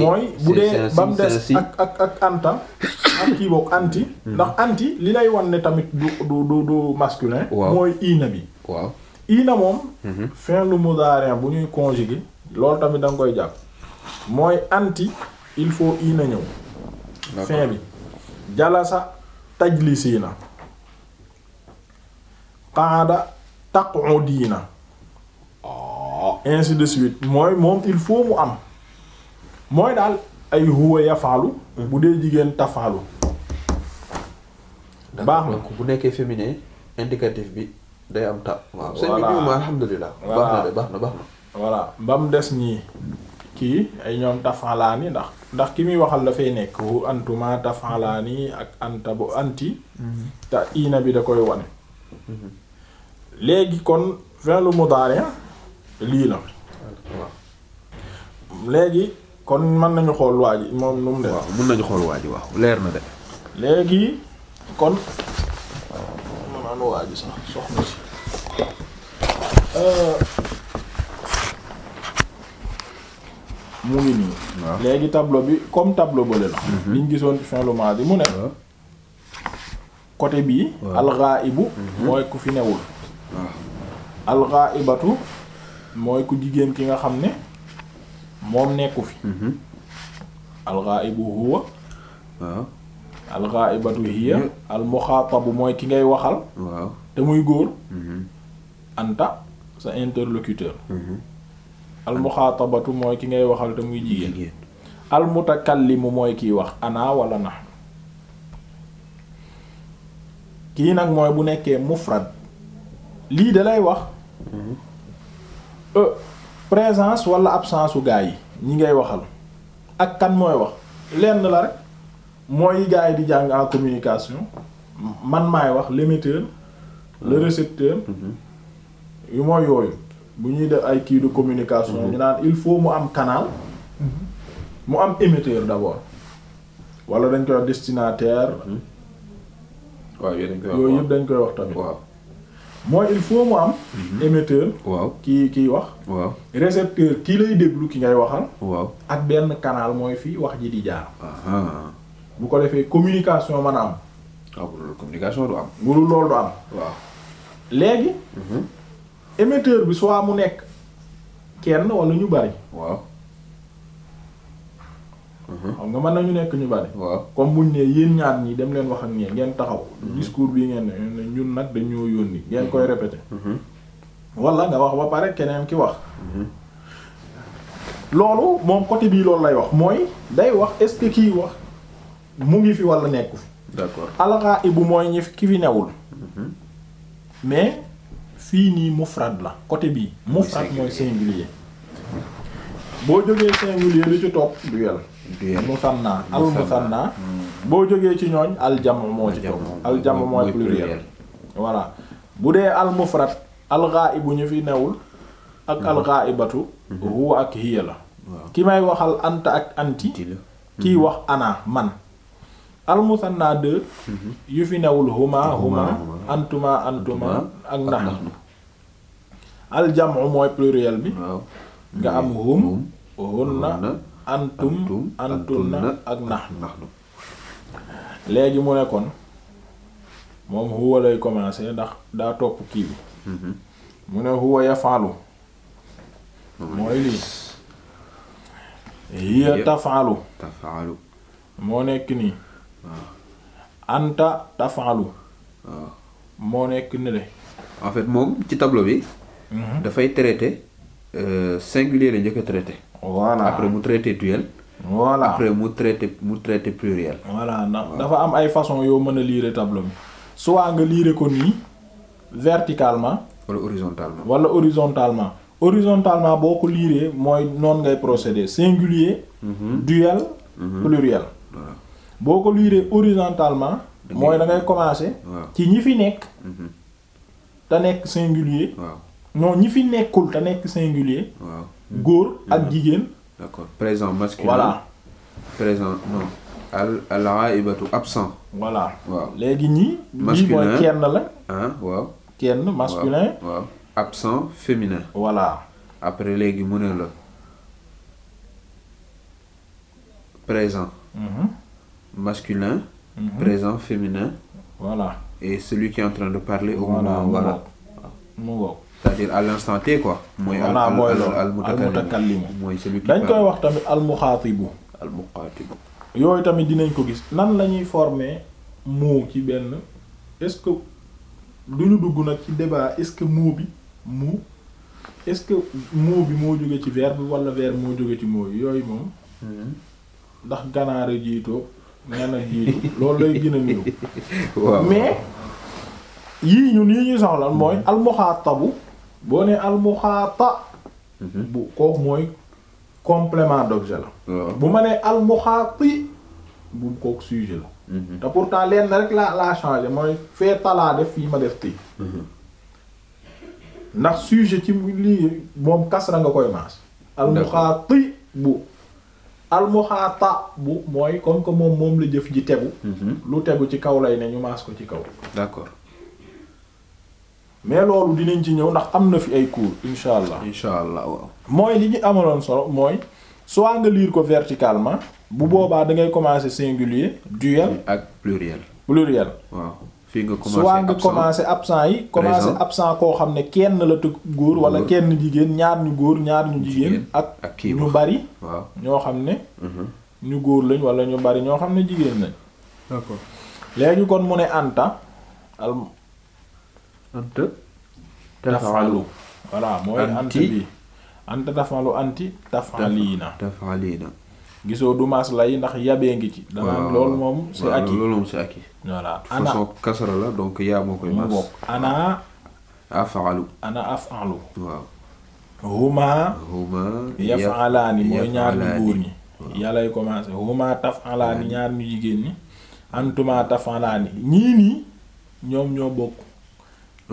mooy bu dee ba mu des ak ak anta ak kii anti. Hmm. ndax anti li lay wan ne tamit du du du du masculin. mooy iina bi. iina moom. Hmm. fin lu bu ñuy conjuguer lool tamit da nga koy jàpp mooy anti il faut iina ñëw. fin bi jalasa tajlisiina qaada taq'udiina ah. ainsi de suite mooy moom il faut mu am mooy daal ay huwa yafaalu bu dee jigéen tafaalu baax na bu nekkee féminin indicatif bi day am ta waaw baax na de baax na baax na voilà ba mu des nii kii ay ñoom tafaalaani ndax ndax ki muy waxal dafay nekk wu antuma tafaalaani ak anta bu anti mhm. te iina bi da koy wane mhm. léegi kon fi'lu mudaari ah, lii la léegi kon mën nañu xool waa moom nu mu def. waaw mën nañu xool waa ji waaw leer na de. léegi kon ma euh, mu ngi nii. léegi tableau bi comme tableau bële la. Mhm. liñ gisoon ci bi mu ne. côté bii. alxaibu mhm. mooy ku fi newul. waaw alxaaibatu mooy ku jigéen ki nga xam ne moom nekku fi mhm. alxaaibu huwa waaw batu hiya almuxaatabu mooy ki ngay waxal waaw muy góor mhm. anta sa interlocuteur mhm. almuxaatabatu mooy ki ngay waxal te muy jigéen almutakallimu mooy kiy wax ana walla na kii nag mooy bu nekkee mufrad lii de lay wax euh, présence wala absence u gaa yi ñi ngay waxal ak kan mooy wax lenn la rek mooy gaa yi di jàng en communication man maay wax l'émetteur le hmm. récepteur hmm. yu mooy yooyu bu ñuy def ay kii communication hmm. ñu naan il faut mu am canal mu am émetteur d'abord walla dañ koy wax destinataire yooyu yëpp dañ koy wax tamit mooy il faut mu am. Mhm. émetteur. waaw kii kii wax. waaw récepteur kii lay déglu ki ngay waxal. waaw ak benn kanaal mooy fii wax ji di jaar. bu ko defee communication man a am. waaw ah, loolu communication du am. loolu loolu du am. waaw léegi. Mhm. émetteur bi soit mu nekk kenn wala ñu bari. waaw. Mhm. xam nga mën nañu nekk ñu bari waaw comme buñ ne yéen ñaar ñi dem leen wax ak nii ngeen taxaw mhm. discours bi ngeen ne ñun nag dañoo yónni ngeen mhm. koy répéter walla nga wax ba pare keneen ki wax loolu moom côté bii loolu lay wax mooy day wax est-ce que kii wax mu ngi fi wala nekku fi d'accord al-ghaibu mooy ñi ki fi newul mais fii nii mufrad la côté bii mufrad mooy singulier boo jógee singulier li ci topp lu yàlla musanna al musanna boo jógee ci ñooñ al jam moo mooy pluriel voilà bu dee al mufrad al ghaibu ñu fi newul ak hmm. al ghaibatu hmm. huwa ak hiya la ki may waxal anta ak anti kiy hmm. wax ana man al musanna de yu fi newul huma huma antuma antuma ak nahnu al jam'u mooy pluriel bi nga am hum hunna antum antunna ak nahnu léegi mu ne kon moom huwa lay commencer ndax daa topp kii bi mhm. mu ne huwa yafalu mooy lii hiya moo nekk nii ah. anta tafalu ah. moo nekk ni le en fait moom ci tableau bi mhm. dafay traité euh, singulier la njëkk a voilà après mu traité duel. voilà après mu traité mu traité pluriel. voilà dafa am ay façon yoo mën a lire tableau bi soit nga lire ko nii verticalement. wala horizontalement wala horizontalement. horizontalement boo ko liiree mooy noonu ngay procéder singulier. Mhm. duel. Mhm. pluriel. boo ko liiree horizontalement. mooy da commencé commencer. ci ñi fi nekk. Mhm. te nekk singulier. waaw ñi fi nekkul te nekk singulier. waaw góor ak mm-hmm. jigéen. d'accord présent masculin. voilà présent non. al al ghaibatu absent. voilà waaw léegi ñii. masculin mooy kenn la. ah waaw. kenn masculin. waaw absent féminin. voilà. après léegi mu ne la présent. Mm-hmm. masculin. Mm-hmm. présent féminin. voilà. et celui qui est en train de parler. au moment voilà mu c'est-à-dire à l'instant T quoi. mooy al al mooy celui qui dañ koy wax tamit al muxaatibu. al yooyu tamit dinañ ko gis nan la ñuy former mot ci benn est-ce que du ñu dugg nag ci débat est-ce que mot bi mu est-ce que mot bi moo jóge ci verbe wala verbe moo jóge ci mot yooyu moom. Hmm. ndax ganaare jiitoo nen ak jiitu loolu lay gën a niru. mais yii ñun yi ñuy soxla mooy al muxaatabu. boo ne almuxaata mhm. bu kooku mooy complément d'objet la bu ma nee almuxaati bu kooku sujet la mhm. te pourtant lenn rek laa laa changé mooy fee talaa def fii ma def tëy mhm. ndax sujet ci lii moom kasra nga koy maas almuxaati bu almuxaata bu mooy comme que moom moom la jëf ji tegu lu tegu ci kaw lay ne ñu maas ko ci kaw d'accord mais loolu dinañ ci ñëw ndax am na fi ay cours incha allah. incha allah waaw. mooy li ñu amaloon solo mooy soit nga lire ko verticalement bu mm-hmm. boobaa da ngay commencer singulier duel ak pluriel. pluriel waaw. fii nga commencé soit nga commencé absent yi commencé absent koo xam ne kenn la tëgg góor wala kenn jigéen ñaar ñu góor ñaar ñu jigéen ak ñu bari ñoo xam ne mm-hmm. ñu góor lañ wala ñu bari ñoo xam ne jigéen lañ d'accord léegi kon mu ne anta ant tafalu voilà mooy ant bi ant tafalu anti tafaliina tafaliina gisoo du maas lay ndax yabee ngi ci danaan loolu moom c'est acquis loolu moom ana façon kasra la donc huma huma yafalaani mooy ñaar ñu góor ñi yàllay commencé huma tafalaani ñaar ñu jigéen ñi antuma tafalaani ñii nii ñoom ñoo bokk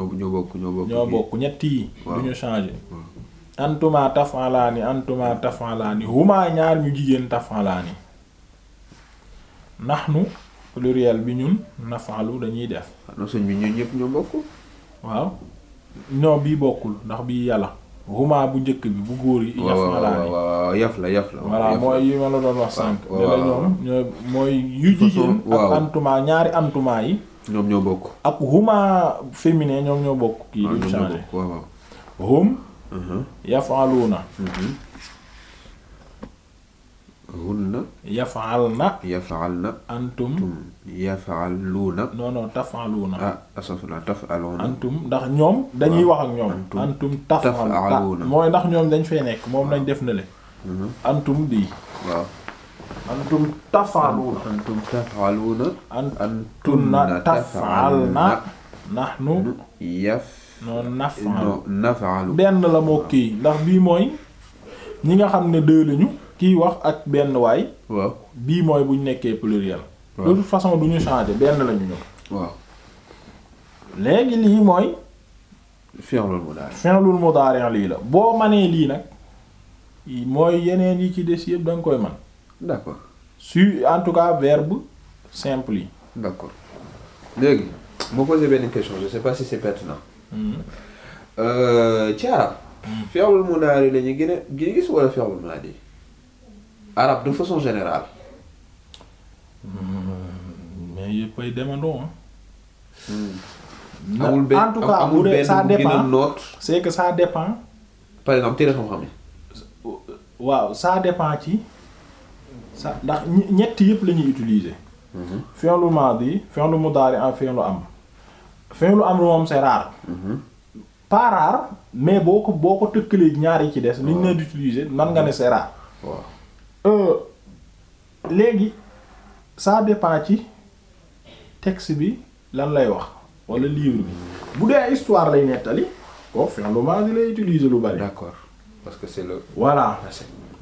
ñoo bokk ñoo bokk ñoo bokk ñett yi du ñu changé antuma tafalaani antuma tafalaani huma ñaar ñu jigéen tafalaani nahnu pluriel bi ñun nafalu dañuy def ah, no sëñ bi ñun ñëpp ñoo bokk waaw non bii bokkul ndax bii yàlla huma bu njëkk bi bu góor yi yafalaani yaf la yaf la voilà mooy yi ma la doon wax sànq dala ñoom ñooy mooy yu jigéen ak antuma ñaari antuma yi ñoom ñoo bokk. ak ah, huma féminin ñoom ñoo bokk. kii na changé na waaw hum. Uh-huh. yaf'aluna. Mm-hmm. hunna. yaf'alna. yaf'alna. antum. yaf'aluna. non non taf'aluna. ah asafna taf'aluna. antum ndax ñoom. dañuy wax ak ñoom. antum taf'aluna mooy ndax ñoom dañ fee nekk moom lañ def na mm-hmm. antum di. waaw. antum tafaaluuna antum tafaaluuna antunna nax nahnu nafaalu benn la moo kii ndax bii mooy ñi nga xam ne deux lañu kii wax ak benn waay bii mooy bu ñu nekkee pluriel de toute façon du ñu changer benn lañu ñëw waaw léegi lii mooy fi'lul mudaari fi'lul mudaari la boo manee lii nag mooy yeneen yi ci des yëpp da koy man d'accord su en tout cas verbe simple yi. d'accord léegi moo posé benn question je sais pas si c'est pertinent. ci hmm. euh, arab. Hmm. fi'lul mudaari la ñu gën a gën a gis wala fi'lul maadi arab de façon général hmm, mais yëpp ay demandoo ah. amul benn en tout cas amul benn ça dépend c'est que ça dépend. par exemple téere xam-xam waaw ça dépend ci. sa ndax ñett yépp la ñuy utiliser mhm. fi'lu maadi fi'lu mudaari ak fi'lu am fi'lu am moom c'est rare mhm. pas rare mais boo ko boo ko tëkkalee ñaar yi ci des liñ leen di utiliser man nga ne c'est rare waaw euh, léegi ça dépend ci texte bi lan lay wax wala livre bi bu dee histoire lay nettali ko fi'lu maadi lay utiliser lu bari d'accord parce que c'est le voilà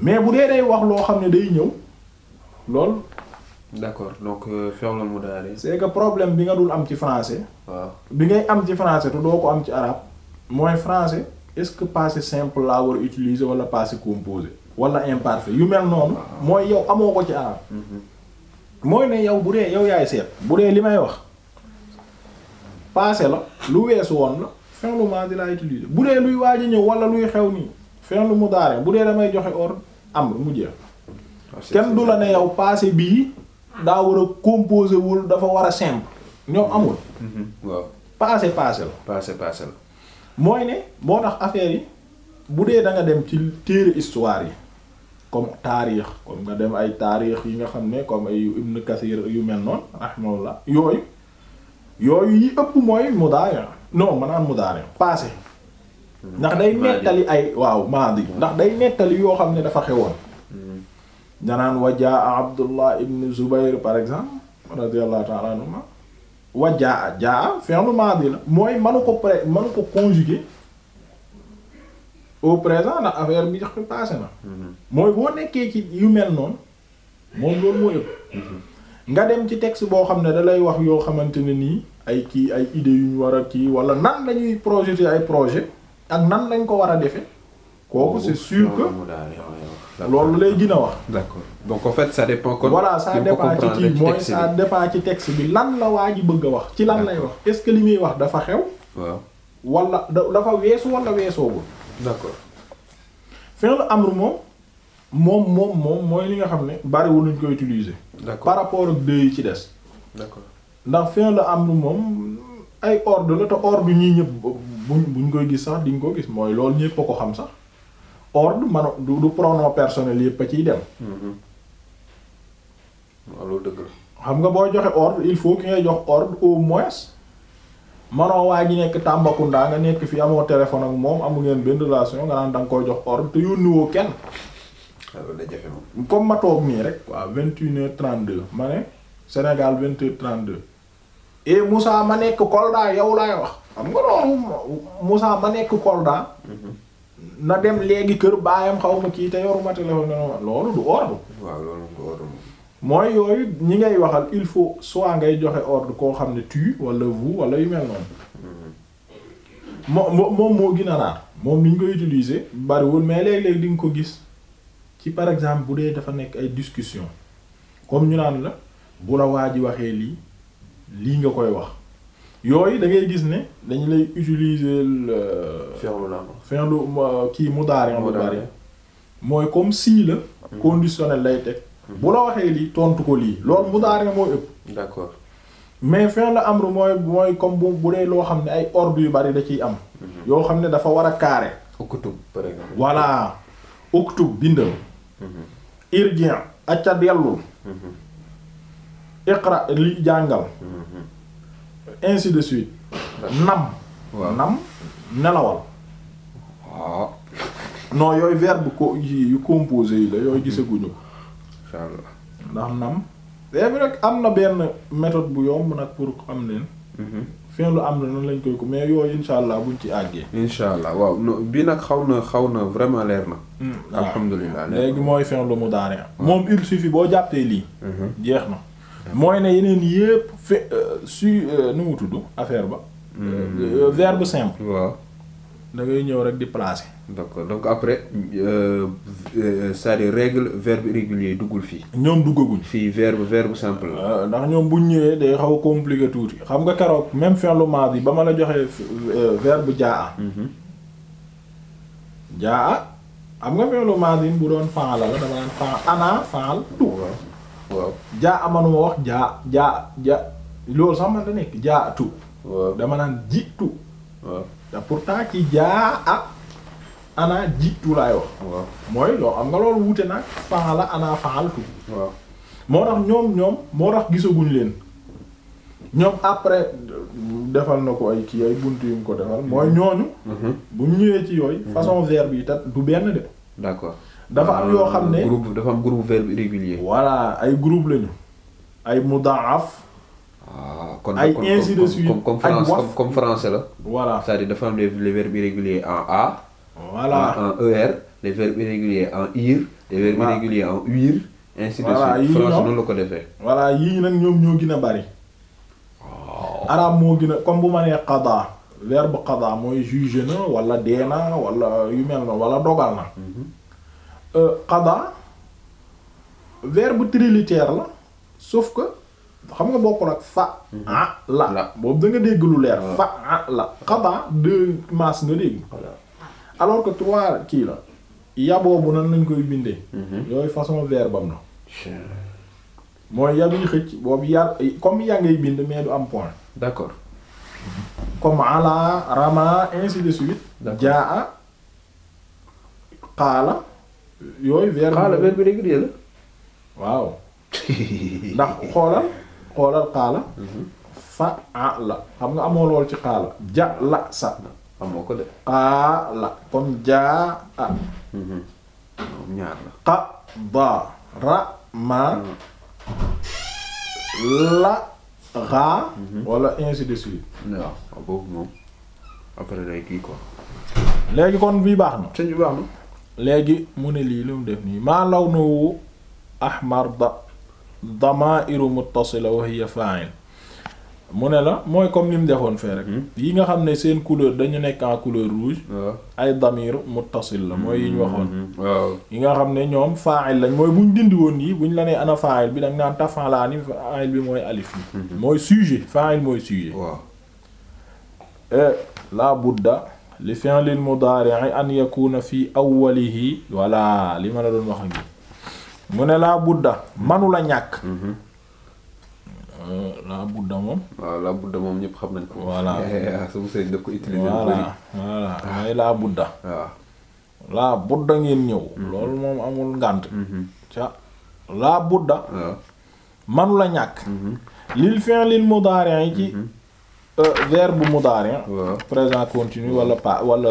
mais bu dee day wax loo xam ne day ñëw loolu. d'accord donc mu euh, mudaari. c'est que problème bi nga dul am ci français. waaw bi ngay am ci français te doo ko am ci arabe. mooy français est-ce que passé simple laa war a utiliser wala passé composé. wala imparfait yu mel noonu. Ah. mooy yow amoo ko ci arabe. Mm-hmm. mooy ne yow bu dee yow yaay seet. bu dee li may wax passé la lu weesu woon la fi'l di laa utiliser bu dee luy waaj a ñëw wala luy xew nii lu fi'l mudaari bu dee damay joxe ordre am lu mu jeex. Ah, kenn du la ne yow paase bii daa war wul dafa war a simple ñoom mhm. amul. Mhm. waaw passé passé la. mooy ne moo tax affaire yi bu dee da nga dem ci téere histoire yi comme taarix comme nga dem ay taarix yi nga xam ne comme ay Ibn Kathir yu mel noon noonu la yooyu yooyu yi ëpp mooy mudaari non maanaam mudaari passé. Mhm. ndax day nettali ay waaw maadi ndax day nettali yoo xam ne dafa xewoon. danaan wajaa abdullah ibn zubayr par exemple radiyallahu ta'ala anhuma wajaa jaa fi'l bi la mooy manu ko pré manu ko conjuguer au présent ndax affaire bi jax passé na mhm. mooy boo nekkee ci yu mel noonu moom loolu moo yëpp mhm. nga dem ci text boo xam ne da lay wax yoo xamante ne nii ay kii ay idées yu ñu war a kii wala nan lañuy projeter ay projet ak nan lañ ko war a defe kooku c'est sûr que loolu lay gën a wax. d'accord donc en fait ça kon voilà ça dépend ci kii mooy ci texte bi lan la waa ji bëgg a wax. ci lan lay wax est-ce que li muy wax dafa xew. waaw wala dafa weesu wala weesoogul. d'accord. am amr moom moom moom moom mooy li nga xam ne bariwul luñ koy utiliser. par rapport ak deux yi ci des. d'accord ndax am amr moom ay ordre la te ordre ñuy ñëpp buñ buñ koy gis sax diñ ko gis mooy loolu ñëpp a ko xam sax. ordre man du du pronom personnel yépp a ciy dem. Mhm. waaw loolu dëgg la. xam nga boo joxe ordre il faut ki ngay jox ordre au moins manoo waa ji nekk Tambacounda nga nekk fii amoo téléphone ak moom amu ngeen benn relation nga naan da nga jox ordre te yónniwoo kenn. Ah, loolu la comme ma toog nii rek. waaw vingt une heure trente deux ma ne Sénégal vingt heure trente deux. et eh, Moussa ma nekk Kolda yow laay wax. xam nga loolu Moussa ma nekk Kolda. Mhm. na dem léegi kër baayam xaw ma kii te yoruma téléphone loolu loolu du ordre mooy yooyu ñi ngay waxal il faut soit ngay joxe ordre koo xam ne tu wala vous wala yu mel noonu. Mm-hmm. moom moom moo gën a raar moom ni ñu koy utiliser bariwul mais léeg-léeg di nga ko gis ci par exemple bu dee dafa nekk ay discussion comme ñu naan la bu la waa ji waxee lii lii nga koy wax yooyu da ngay gis ne dañu lay utiliser le. Euh, fin lu kii mudaari. mudaari mooy comme si la. Hmm. conditionnel lay teg. Hmm. bu la waxee lii tontu ko lii loolu mudaari moo ëpp. mais fin la amru mooy comme bu bu dee loo xam ne ay ordre yu bari da ciy am. Hmm. yoo xam ne dafa war a carré. uktub par exemple. voilà uktub bindal. irji' acca dellul. li jàngal. ainsi de suite nam nam nelawal waaw ah. non yooyu verbe ko yu composé yi la yooyu gisaguñu inshallah ndax nam c'est vrai am na benn méthode bu yomb nag pour am leen mhm. fin lu am na nan lañ koy ko mais yooyu insha allah buñ ci àggee insha allah waaw no bii nag xaw na xaw na vraiment leer na hmm, alhamdulilah léegi mooy fin lu mu daare moom il suffit boo jàppee lii mhm. jeex na mooy ne yeneen yépp fe euh, su euh, nu mu tudd affaire ba. Euh, hmm. verbe simple. waaw dangay ñëw rek di placer. d'accord donc après c'est-à-dire règle verbe irrégulier duggul fii. ñoom duggaguñ. fii verbe verbe simple la. ndax ñoom bu ñëwee day xaw a tuuti xam nga keroog même fi'lu maadi ba ma la joxee verbe jaa. Mhm. jaa am nga fi'lu maadi bu doon faala la dama naan faal ana faal waaw jaa amanuma wax jaa jaa jaa loolu sax man da nekk jaa tu dama naan jiitu waaw te pourtant ci jaa ak ana jiitu laay wax mooy loo am nga loolu wuute nag faala ana faaltu waaw moo tax ñoom ñoom moo tax gisaguñ leen ñoom après defal na ko ay kii ay bunt yu mu ko defal mooy ñooñu mhm. bu ñëwee ci yooyu façon verbe yi tat du benn de d'accord dafa am yoo xam ne euh, groupe dafa am groupe verbe irrégulier. voilà ay groupe lañu. ay mudaaf. ah kon ay ainsi de suite comme comme comme comme français la. voilà c'est-à-dire dafa am les les verbes irréguliers en a. voilà en er les verbes irréguliers en ir. les verbes irréguliers en uir. ainsi de suite français noonu la ko defee. voilà yii nag ñoom ñoo gën a bari. arab moo gën a comme bu ma nee qadaa verbe qadaa mooy juge na wala dee na wala yu mel na wala dogal na. Mhm. Euh, qada verbe trilitère la sauf que xam nga bokkul ak fa mhm. ah, a la boobu da nga dégg lu leer fa a ah, la qada deux masse nga dégg alors que trois kii la ya boobu nan nañ koy bindee mhm. yooyu façon verbe am na mooy ya biy xëcc boobu ya comme ya ngay bind mais du am point d'accord comme ala rama ainsi de suite jaa qaala yooyu weer xaala weer bi régulier la waaw ndax xoolal xoolal xaala mhm. fa a la xam nga amoo lool ci xaala ja la sa amoo ko de xaa la comme jaa a mhm. ñaar la xa ba ra ma la raa mhm. wala ainsi de suite waaw boobu moom après day kii quoi léegi kon bii baax na sëñ bi baax na léegi mu ne lii li mu def nii maa law nuwu ahmar da damairu muttasila wa hiya fa'il mu ne la mooy comme ni mu defoon fee rek hmm. yi nga xam ne seen couleur dañu nekk en couleur rouge ay damir muttasil la mooy yi ñu waxoon hmm, hmm, nga xam ne ñoom fa'il lañ mooy buñ dindi woon yi buñ la nee ana fa'il bi danga naan tafalaani fa'il bi mooy alif bi mooy sujet fa'il mooy sujet waaw eh, la budda li fi'lil mudaari'i an yakuna fi awwalihi walla li ma la doon wax ak mu ne laa budda manula ñàkk mhm. euh, laa budda moom waaw laa budda moom ñépp xam nañ ko voilà eh, ah, sama sëriñ ko utiliser voilà ah. laa budda waaw ah. laa budda ngeen ñëw mhm. loolu moom amul ngànt mhm. ca laa budda manula ñàkk lil fi'lil mudaari'i ci Euh, verbe mudaari présent continu wala pa wala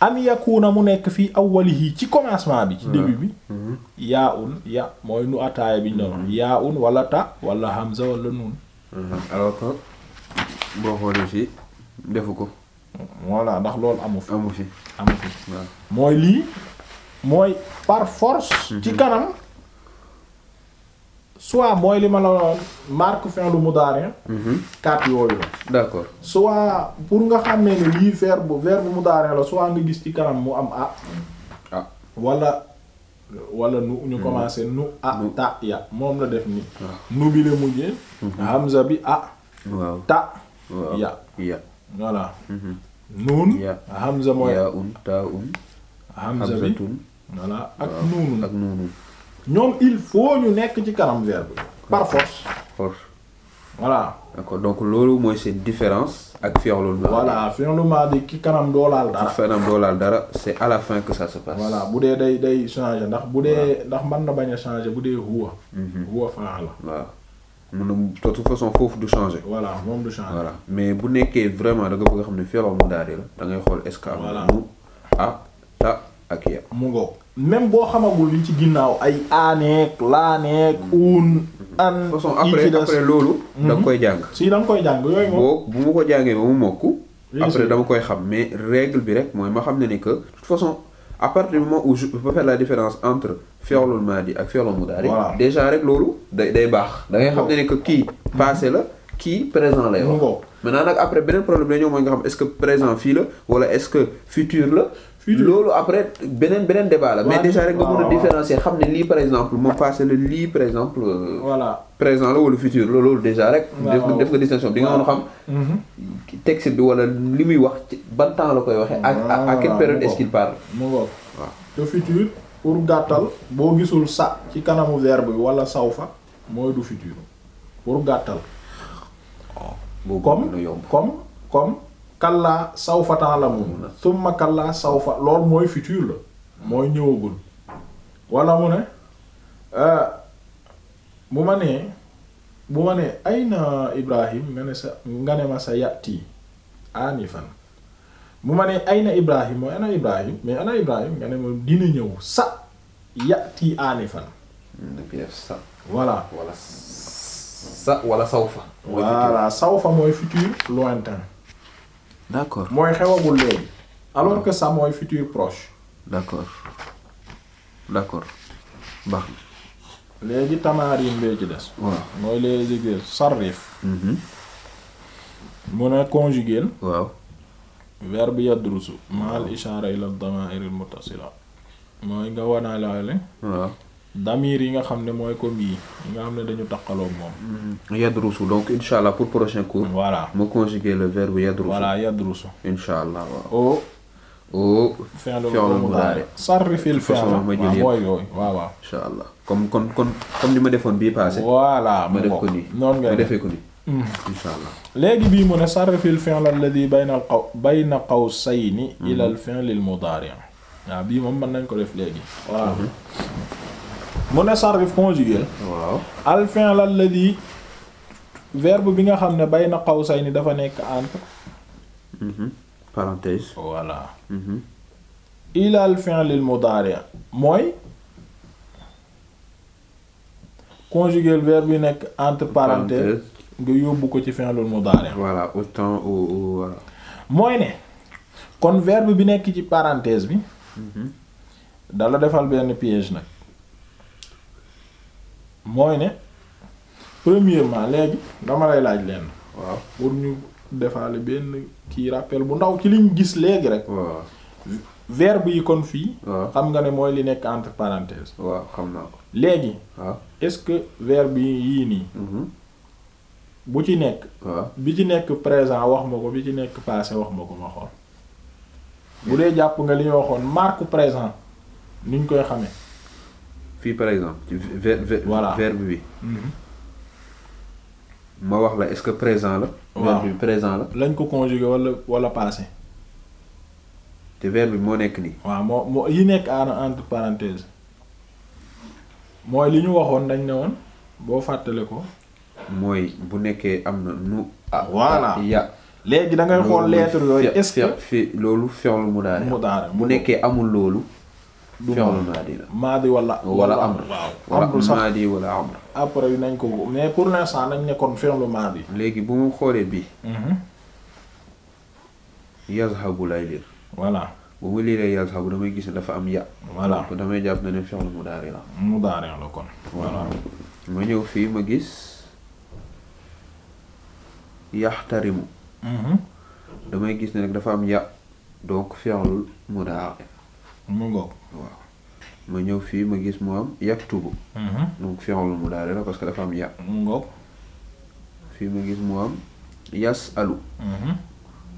am an na mu nekk fii awwalihi ci commencement bi ci début bi mhm. yaa un ya mooy nu ataaya bi ñu doon mhm. yaa un wala ta wala hamza wala nun mhm. alors que boo xoolee fii ko voilà ndax loolu amu fi amu fi amu fi mooy lii mooy par force ci kanam soit mooy li ma la woon marque fin lu mudaari mhm. quatre yooyu la d'accord soit pour nga xàmmee ne lii verbe verbe mudaari la soit nga gis ci kanam mu am ah ah wala wala nu ñu mhm. commencé nu ah ta ya moom la def ni ah. nu bi la mujjee mhm. hamza bi ah ta ya ya voilà nuun hamza mooy yaa un taa un hamza bi voilà ak nuunu ak ñoom il faut ñu nekk ci kanam verbe par donc loolu mooy seen différence ak fi'lul maadi. voilà fi'lul maadi ki kanam doo laal dara. ki kanam doo laal dara voilà bu dee day day changer ndax bu dee ndax mën bañ a changer bu dee huwa. Mhm. huwa fa'ala. waaw mun de toute façon moom du changer. voilà mais bu nekkee vraiment da nga bëgg xam ne fi'lul maadi la da xool est-ce que am na. voilà ah ta. ak yem mu ngoog même boo xamagul li ci ginnaaw ay aaneek laaneek mm-hmm. uun mm-hmm. an façon après après loolu mm-hmm. da koy jàng si da nga koy jàng yooyu moom bu ma ko jàngee ba mu mokk après dama koy xam mais règle bi rek mooy ma xam ne ni que façon à partir du moment où je peux faire la différence entre fi'lul maadi ak fi'lul mudaari déjà rek loolu day day baax da ngay xam ne ni que kii passé la kii présent lay wax maintenant nag après beneen problème la ñëw mooy nga xam est-ce que présent fii la wala est-ce que futur la loolu après beneen beneen débat la. mais déjà rek nga mën a différencier xam ne lii par exemple moom passé la lii par exemple. Euh, présent la wala futur loolu déjà rek. def nga distinction bi nga mën a xam. Mhm. texte bi wala li muy wax ci ban temps la koy waxee. ak à quelle période est-ce qu'il parle. mu waaw te sa ci kanamu verbe bi wala saw fa mooy du futur pour gàttal. Oh, comme comme comme. kallaa la ta'lamuun thumma kallaa sawfa loolu mooy futur la mooy ñëwagul walla mu ne euh, bu ma nee bu ma nee ay na Ibrahim nga ne sa nga ne ma sa yàtti anifan bu ma nee ay na Ibrahim mooy ana Ibrahim mais ana Ibrahim nga ne ma dina ñëw sa yàtti anifan voilà wala sa wala sawfa voilà sawfa mooy futur lointain d'accord mooy xewagul léegi alors que ça mooy futur proche d'accord d'accord baax na léegi tamarin bee ci des waaw mooy les exercices sarrif mhm. mu ne conjuguer waaw verbe yadrusu ma al ishara ila al dama'ir al mooy nga wanaalaale waaw damir yi nga xam ne mooy ko yi yi nga xam ne dañu taqaloog moom. Mm-hmm. yadrusu donc incha pour prochain cours. voilà mu conjuguer le verbe yadrusu. voilà yadrusu. incha allah waaw. o. fi'l mudari sarrifil fi'l mooy yooyu waaw waaw. comme comme comme comme ni ma defoon bii passé. voilà ma def ko nii noonu nga defee ko nii. Mm. incha allah léegi bii mu ne sarrifil fi'l alladhi bayna qaw bayna qawsayni. ila mm-hmm. al fi'l al mudari. waaw bii moom mën nañ ko def léegi. waaw. Mm-hmm. mu ne sarrif conjugué waaw al fi'l alladhi verbe bi nga xam ne bayna qawsayni dafa nekk entre mhm. parenthèse voilà mhm. ila al fi'l al mudari' mooy conjuguer le verbe bi nekk entre parenthèse nga yóbbu ko ci fi'l mudari' voilà autant au mooy ne kon verbe bi nekk ci parenthèse bi mhm. dala defal benn piège nag mooy ne premièrement léegi dama lay laaj leen waaw pour ñu defaale benn kii rappel bu ndaw ci liñ gis léegi rek. waaw verbe yi kon fii. xam nga ne mooy li nekk entre parenthèses. waaw xam naa léegi. est-ce que verbe yii nii. Mhm. bu ci nekk. bi ci nekk présent wax ma ko bi ci nekk passé wax ma ko ma xool. bu dee jàpp nga li ñu waxoon marque présent ni ñu koy xamee. fii par exemple ci verbe bi mhm. ma wax la est-ce que présent la verbe bi présent la lañ ko conjugué wala walla passé te verbe bi moo nekk nii waaw moo moo yi nekk en entre parenthèse mooy li ñu waxoon dañ ne woon boo fàttale ko mooy bu nekkee am na nu ah voilà ya léegi da ngay xool lettre yooyu est-ce loolu fi'l mudaari mu bu nekkee amul loolu fi'lu maadi la maadi wala. wala amr waaw maadi wala amr. après nañ ko mais pour l'instant nañ nekkoon fi'lu maadi. léegi bu mu xoolee bii. Mhm. yazhabu lay liir. voilà bu mu liiree yazhabu damay gis dafa am ya. voilà donc damay jàpp ne ma ñëw fii ma gis mhm. gis ne nag dafa am ya donc fi'lu mudaari. mu waaw ma ñëw fii ma gis mu am yaktubu. donc mm-hmm. fi'lul mudaari la parce que dafa am ya. mu ngoog. fii ma gis mu am yas alu. Mm-hmm.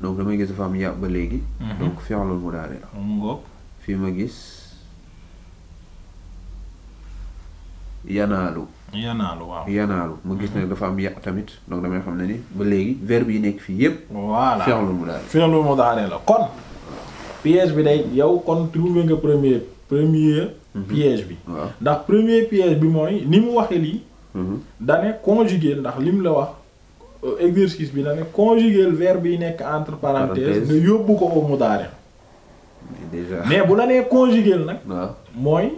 donc damay gis dafa am ya ba léegi. Mm-hmm. donc fi'lul mudaari la. mu ngoog. fii ma gis yanaalu. yanaalu yanaalu ma gis ne dafa am ya tamit donc damay xam ne ni ba léegi verbe yi nekk fii yépp. voilà fi'lul mudaari. fi'lul la kon. piège bi day yow kon trouvé nga premier premier mhm. piège bi ndax premier piège bi mooy ni mu waxee lii mhm. dane conjuguer ndax lim la wax euh, exercice bi dane conjuguer verbe yi nekk entre parenthèses nga yóbbu ko au mudari mais bu la nee conjuguer nag mooy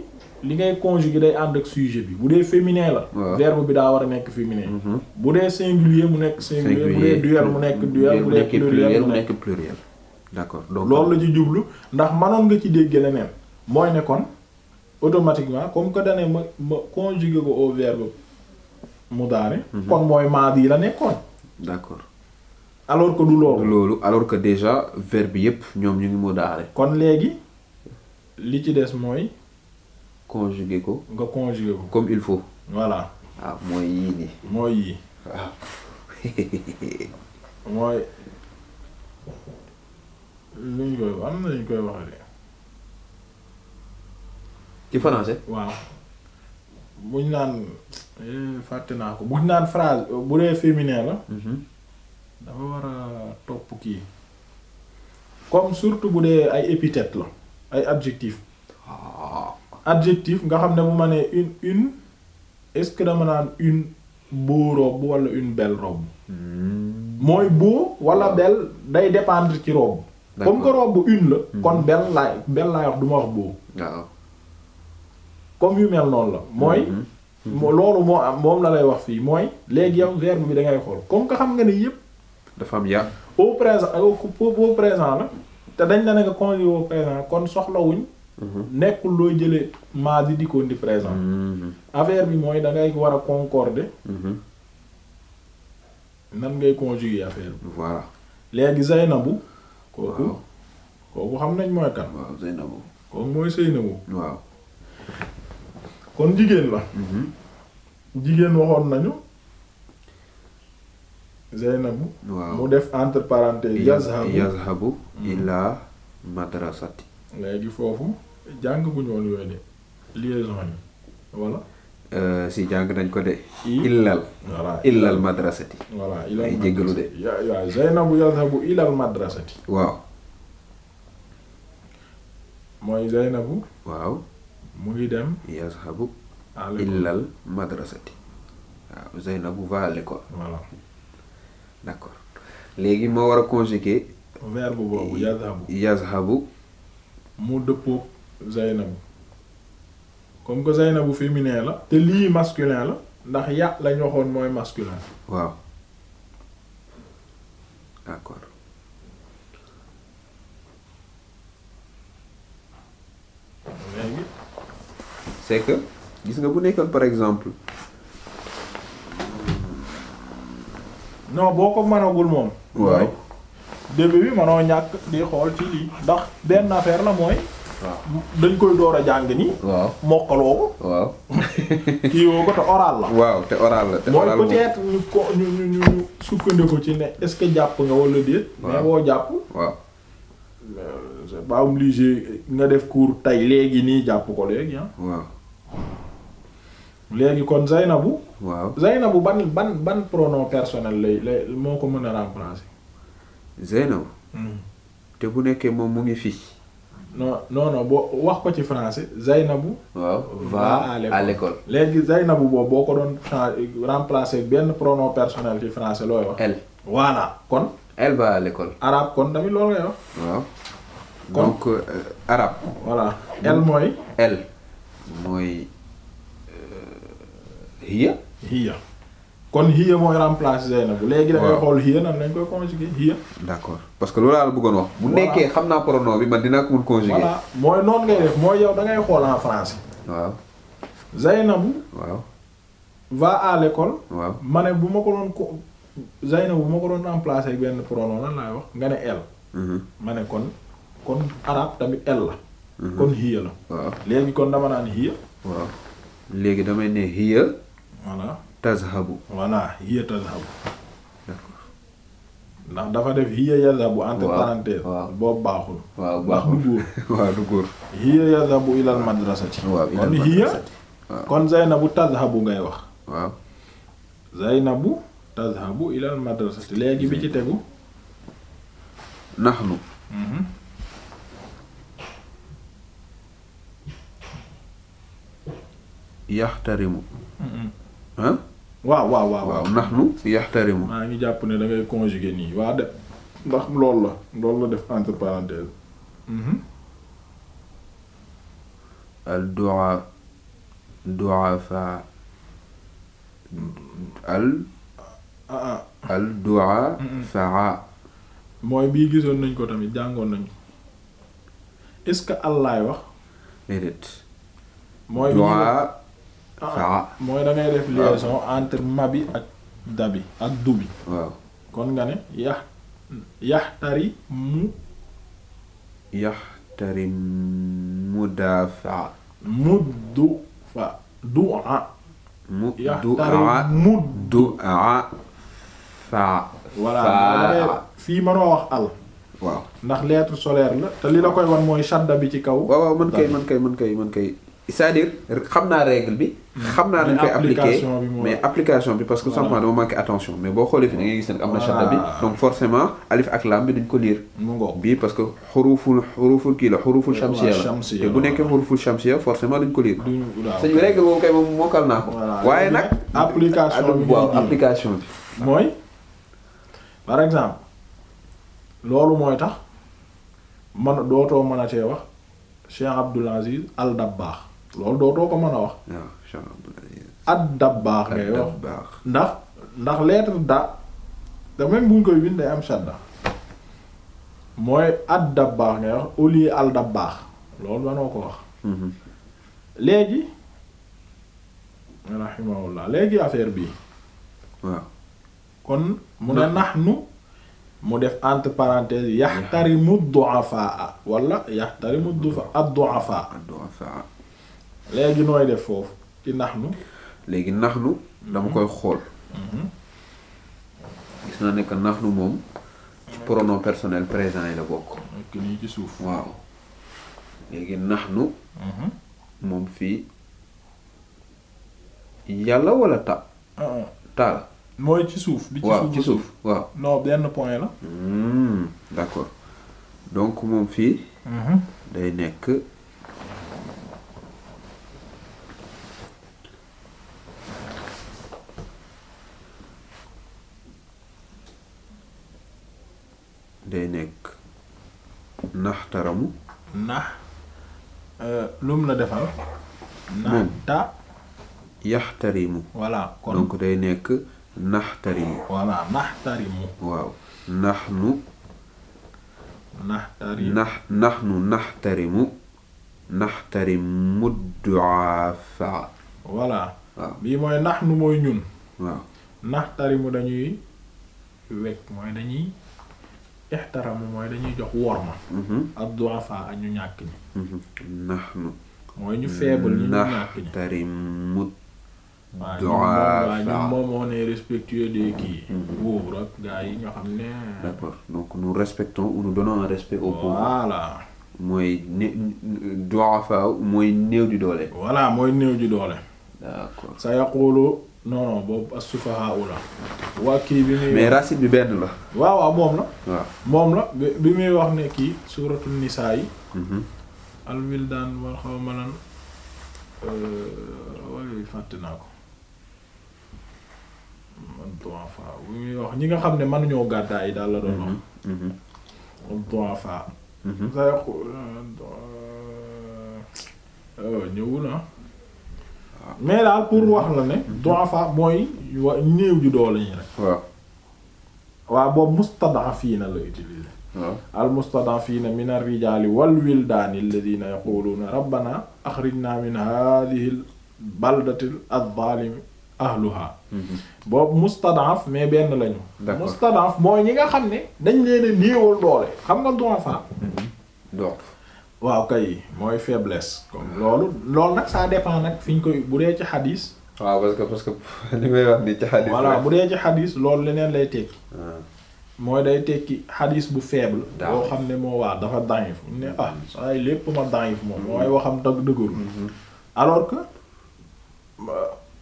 li ngay conjuguer day ànd ak sujet bi bu dee féminin la verbe bi daa war a nekk féminin mhm. bu dee singulier mu nekk singulier bu dee duel mu nekk duel bu dee pluriel mu nekk pluriel d'accord donc loolu la ci jublu ndax mënoon nga ci dégg leneen mooy ne kon automatiquement comme que dane ma ma conjugué ko au verbe mudaari mhm. kon mooy maadi la nekkoon d'accord alors que du loolu loolu alors que déjà verbe yépp ñoom ñu ngi mudaari kon léegi li ci des mooy conjugué ko nga conjugué ko comme il faut voilà waaw ah, mooy yii nii mooy yii waaw ah. mooy luñ koy am na ñu koy waxee de. ci français. waaw buñ naan eh, fàtte naa ko buñ naan phrase bu dee féminin la. Mhm. dafa war a topp kii. comme surtout bu dee ay épithètes la ay adjectifs. Ah. adjectif nga xam ne bu ma ne une une est-ce que dama naan une beau robe wala une belle robe. Hmm. mooy beau wala belle day dépendre ci robe. comme que robe une la. Hmm. kon benn laay benn laay wax du ma wax boobu. waaw comme yu mel noonu la. mooy. Hmm. Hmm. loolu moo am moom la lay wax fii mooy léegi yow verbe bi da ngay xool comme que xam nga ni yépp. dafa am ya au présent au présent la te dañ la ne nga conjugué au présent kon soxlawuñ. nekkul looy jëlee maa di di ko di présent. affaire bi mooy dangay war a concorder. nan ngay conjuguer affaire bi. voilà léegi Zeynabu. kooku kooku xam nañ mooy kan. waaw kooku mooy Zeynabu. waaw. kon jigéen la. Mhm. jigéen waxoon nañu. Zeynabu. waaw mu def entre parenthèses. yazhabu yazhabu mhm. ila madrasati. léegi foofu jàng bu ñu woon liaison yi voilà. Eh, si jàng nañ ko de. illal voilà illal madrasati. voilà illal madrasati ay jéggalu de. waaw Zeynabu yazhabu illal madrasati. waaw. mu ngi dem. yazhabu. illal madrasati. waaw Zeynabu va léegi moo war a conjuguer. yazhabu. yazhabu. mu dëppoog Zeynabu. comme que Zeynabu féminin la te lii masculin la ndax ya lañ waxoon mooy masculin waaw d'accord léegi c'est que gis nga bu nekkoon par exemple non boo ko mënagul moom waaw début bi mënoo ñàkk di xool ci lii ndax benn affaire la mooy dañ koy door a jàng nii. waaw mokkaloo ko. waaw. kii woo ko te oral la. waaw te oral la te oral mooy ko ñu ñu ñu sukkandiku ci ne est-ce que jàpp nga wala déet. mais boo jàpp. waaw. Euh, c'est pas nga def cours tey léegi nii jàpp ko léegi ah. waaw. léegi kon Zaynabu. waaw Zaynabu ban ban ban pronom personnel lay lay moo ko mën a remplacer. Zaynabu. Hmm. te bu nekkee moom mu ngi fii. no non non boo wax ko ci français Zaynabu. waaw va à l'école léegi Zaynabu boobu boo ko doon remplacer benn pronom personnel ci français looy wax. elle voilà kon. elle va à l'école. arabe kon tamit loolu ngay waaw donc euh, arabe. voilà elle mooy. elle mooy euh, hiya. hiya. kon hiya mooy remplacer Zeynabu léegi da xool hiya nan lañ koy conjuguer hiya d'accord parce que loolu laa la bëggoon wax bu nekkee xam naa pronom bi man dinaa ko mën conjuguer voilà mooy noonu ngay def mooy yow da ngay xool en français waaw Zeynabu waaw va à l'école waaw ma ne bu ma ko doon ko Zeynabu bu ma ko doon remplacer benn pronom lan laay wax nga ne elle mhm. ma ne kon kon arabe tamit elle la mhm. kon hiya la waaw léegi kon dama naan hiya waaw léegi damay ne hiya voilà tazhabu voilà hiya tazhabu ndax dafa def hiya yazhabu entre parenthèses boobu baaxul waaw baaxul ndax du ilal madrasati kon zaynabu tazhabu ngay wax waaw zaynabu tazhabu ilal madrasati léegi bi ci tegu nahnu mhm. yaxtarimu ah waaw waaw waaw waaw ndax nu yaxtarimu maa ngi jàpp ne da ngay conjuguer nii waa de ndax loolu la loolu la def entre parenthèses mhm. al du'a du'a fa al ah, ah. al du'a fa mooy bii gisoon nañ ko tamit jàngoon nañ est-ce que al laay wax déedéet mooy du'a ah mooy damay ngay def liaison entre mabi ak dabi ak dubi waaw kon nga ne yax yaxtari mu yaxtari mudafa muddu fa du'a muddu'a muddu'a fa voilà fii mënoo wax al waaw ndax lettre solaire la te li la koy wan mooy sat bi ci kaw waaw waaw mën kay mën kay mën kay mën kay c'est-à-dire xam naa règle bi. Hmm. xam naa nañ koy appliquer mais application bi parce que simplement dama manqué attention mais boo xoolee fi da ngay gis ne am na shadda ah. bi donc forcément alif ak laam bi duñ ko liir. bii parce que xuruful xuruful kii la xuruful shamsiya la te bu nekkee xuruful shamsiya forcément duñ ko liir. suñu règle boobu kay moom mokkal naa ko. waaye nag. application bi waaw application bi. mooy par exemple loolu mooy tax man dootoo mën a tee wax Cheikh Abdoul Aziz Al Dabbaax. loolu doo doo ko mën a wax. ad dabbaax ngay wax ndax ndax lettre da da même buñ koy bind day am shadda mooy ad dabbaax ngay wax au lieu al dabbaax loolu manoo ko wax. Mhm. léegi. rahimahullah léegi affaire bii. kon mu ne nu mu def entre parenthèses yaxtarimu du'afa wala yaxtarimu du'afa ad-du'afa léegi nooy def foofu ci nax nu léegi nax nu dama mhm. koy xool mhm. gis naa nekk nax nu moom ci pronom personnel présent yi la bokk ci suuf waaw léegi nax nu mhm. moom fii yàlla walla ta ah, ah. taal mooy ci suuf bi ci suuf waaw non benn point la hmm, d'accord donc moom fii day nekk day nekk naxtaramu nax euh, lum la defal naxta yaxtarimu voilà kon day nekk naxtarimu voilà naxtarimu waaw naxnu naxtarimu nax naxnu naxtarimu naxtarimu duafa voilà waaw bii mooy naxnu mooy ñun waaw naxtarimu dañuy wekk mooy dañuy ixtiraam mooy dañuy jox worma. Mhm. ak du'afa ak ñu ñàkk ñi. Mhm. nahnu. mooy ñu faible ñu ñàkk ñi. naxtarimu du'afa ñun moom on est respectueux mhm. yi ñoo xam ne. d'accord donc nous respectons ou nous donnons un respect aux mooy ne di doole. voilà mooy néew di doole. sa yaqulu. non boobu as-sufahaa la waa kii bi muy mais racine bi benn la waaw waaw moom la waaw moom la bi muy wax ne kii suuratul nisaa yi mhm. al-wildaan war xaw ma lan euh, waaye fàtte naa ko man du'afaa bi muy wax ñi nga xam ne mënuñoo gàddaay yi daal la doon wax moom du'afaa say ñëwul ah mais daal pour wax la ne du'afa mooy wa néew ju doole ñi rek waaw boobu mustad'afina la utilisé al mustad'afina min ar-rijali wal wildaani alladhina yaquluna rabbana akhrijna min hadhihi al baldati adh ahluha mhm. boobu mustad'af mais benn lañu mustad'af mooy ñi nga xam ne dañ leen néewal doole xam nga du'afa mhm. waaw kay mooy faiblesse comme loolu loolu nag ça dépend nag fi ñu koy bu dee ci xadis. waaw parce que parce que li may wax nii ci xadis. voilà bu dee ci xadis loolu leneen lay tekki. Ah. mooy day tekki xadiis bu faible. boo xam ne moo waa dafa daif ne ah lépp ma daif moom. Mm-hmm. mooy waxam dëgg dëggul. Mm-hmm. alors que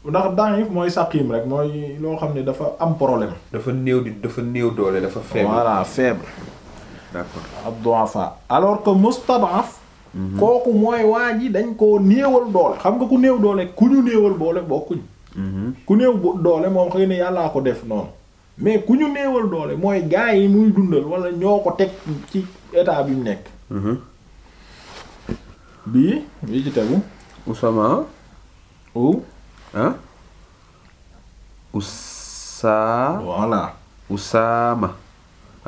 ndax daif mooy saqim rek mooy loo xam ne dafa am problème. dafa néew di dafa néew doole dafa faible. voilà faible. d'accord ab du'afa alors que mustad'af mhm. kooku mooy waa ji dañ koo néewal doole xam nga ku néew doole ku ñu néewal boole bokkuñ mhm. ku néew doole moom xëy yàllaa ko def noonu mais ku ñu néewal doole mooy gaa yi muy dundal wala ñoo ko teg ci état bi nekk mhm. bii yi ci tegu usama usama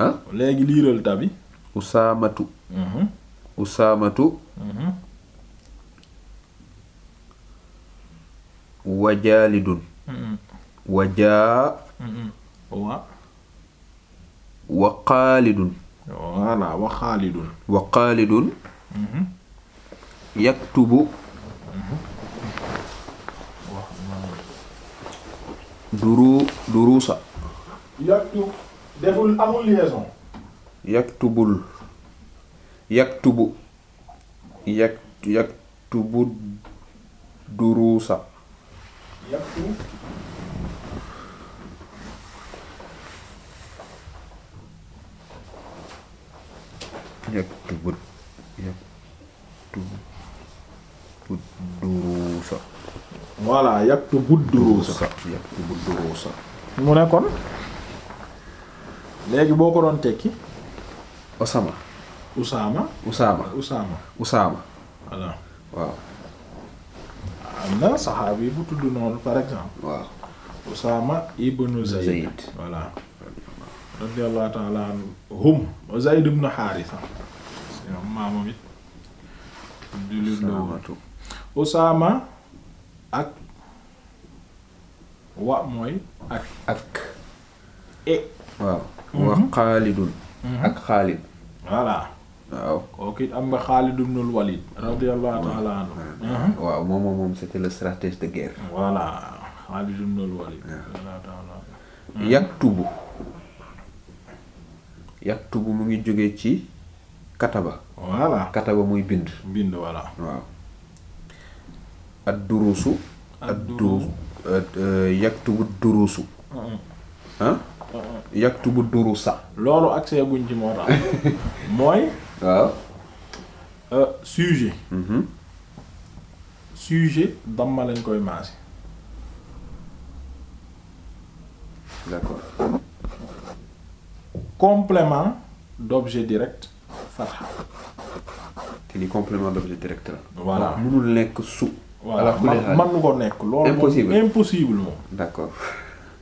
ah léegi liiral tabi usaamatu mhm. usaamatu mhm. wa jaalidun mhm. wa jaa wa wa xaalidun duruusa deful amul liaison. yaktubul yaktubu yak yaktubu duruusa. yaktu. yaktubu duruusa. voilà yaktubu duruusa. yaktubu duruusa. mu ne léegi boo ko doon tekki Osama Usaama Usaama Usaama Usaama voilà waaw am na saxaabi bu tudd noonu par exemple waaw Usaama ibnu Zayd voilà radiyallahu ta'ala anhum Zayd ibn Haarisa maamam it ak wa mooy ak ak e waaw wa xaalidun mhm. mhm. ak xaalid waaw kooku it am nga Xaalid ibnul Walid radiyallahu ta'ala anhu mhm. waaw moom moom moom c'était le de guerre voilà Xaalid mu ngi jóge ci kataba voilà kataba muy bind bind waaw ad durusu ad durus yaktubu durusa loolu accès guñ ci moo tax mooy waaw euh, sujet mm-hmm. sujet damma lañ koy maase d'accord complément d'objet direct fatha te ni complément d'objet direct la voilà mënul nekk su voilà man nu ko nekk loolu impossible impossible moom d'accord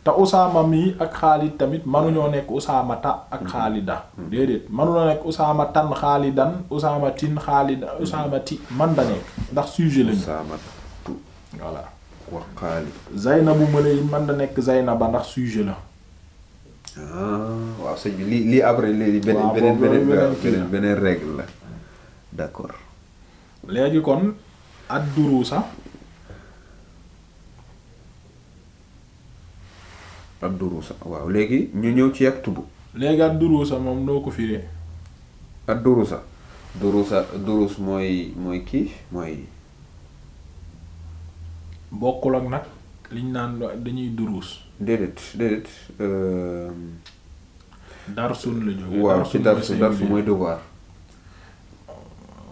te Usaama mii ak Xaalid tamit manuñoo nekk Usaama ta ak mhm. Xaalida mhm. déedéet manuñoo nekk Usaama tan Xaalidan Usaama mhm. Usaama ti man da nekk ndax sujet lañu Usaama tu voilà wa man da nekk Zaynaba ndax sujet la ah, waaw sëñ bi lii lii après lii beneen beneen beneen beneen règle la d'accord léegi kon ad ak duruusa waaw léegi ñu ñëw ci ak tudd léegi ak duruusa moom noo ko firee ak duruusa duruusa duruus mooy mooy kii mooy bokkul ak nag liñ naan dañuy duruus déedéet déedéet euh, darsun la jógee waaw darsu darsu mooy devoir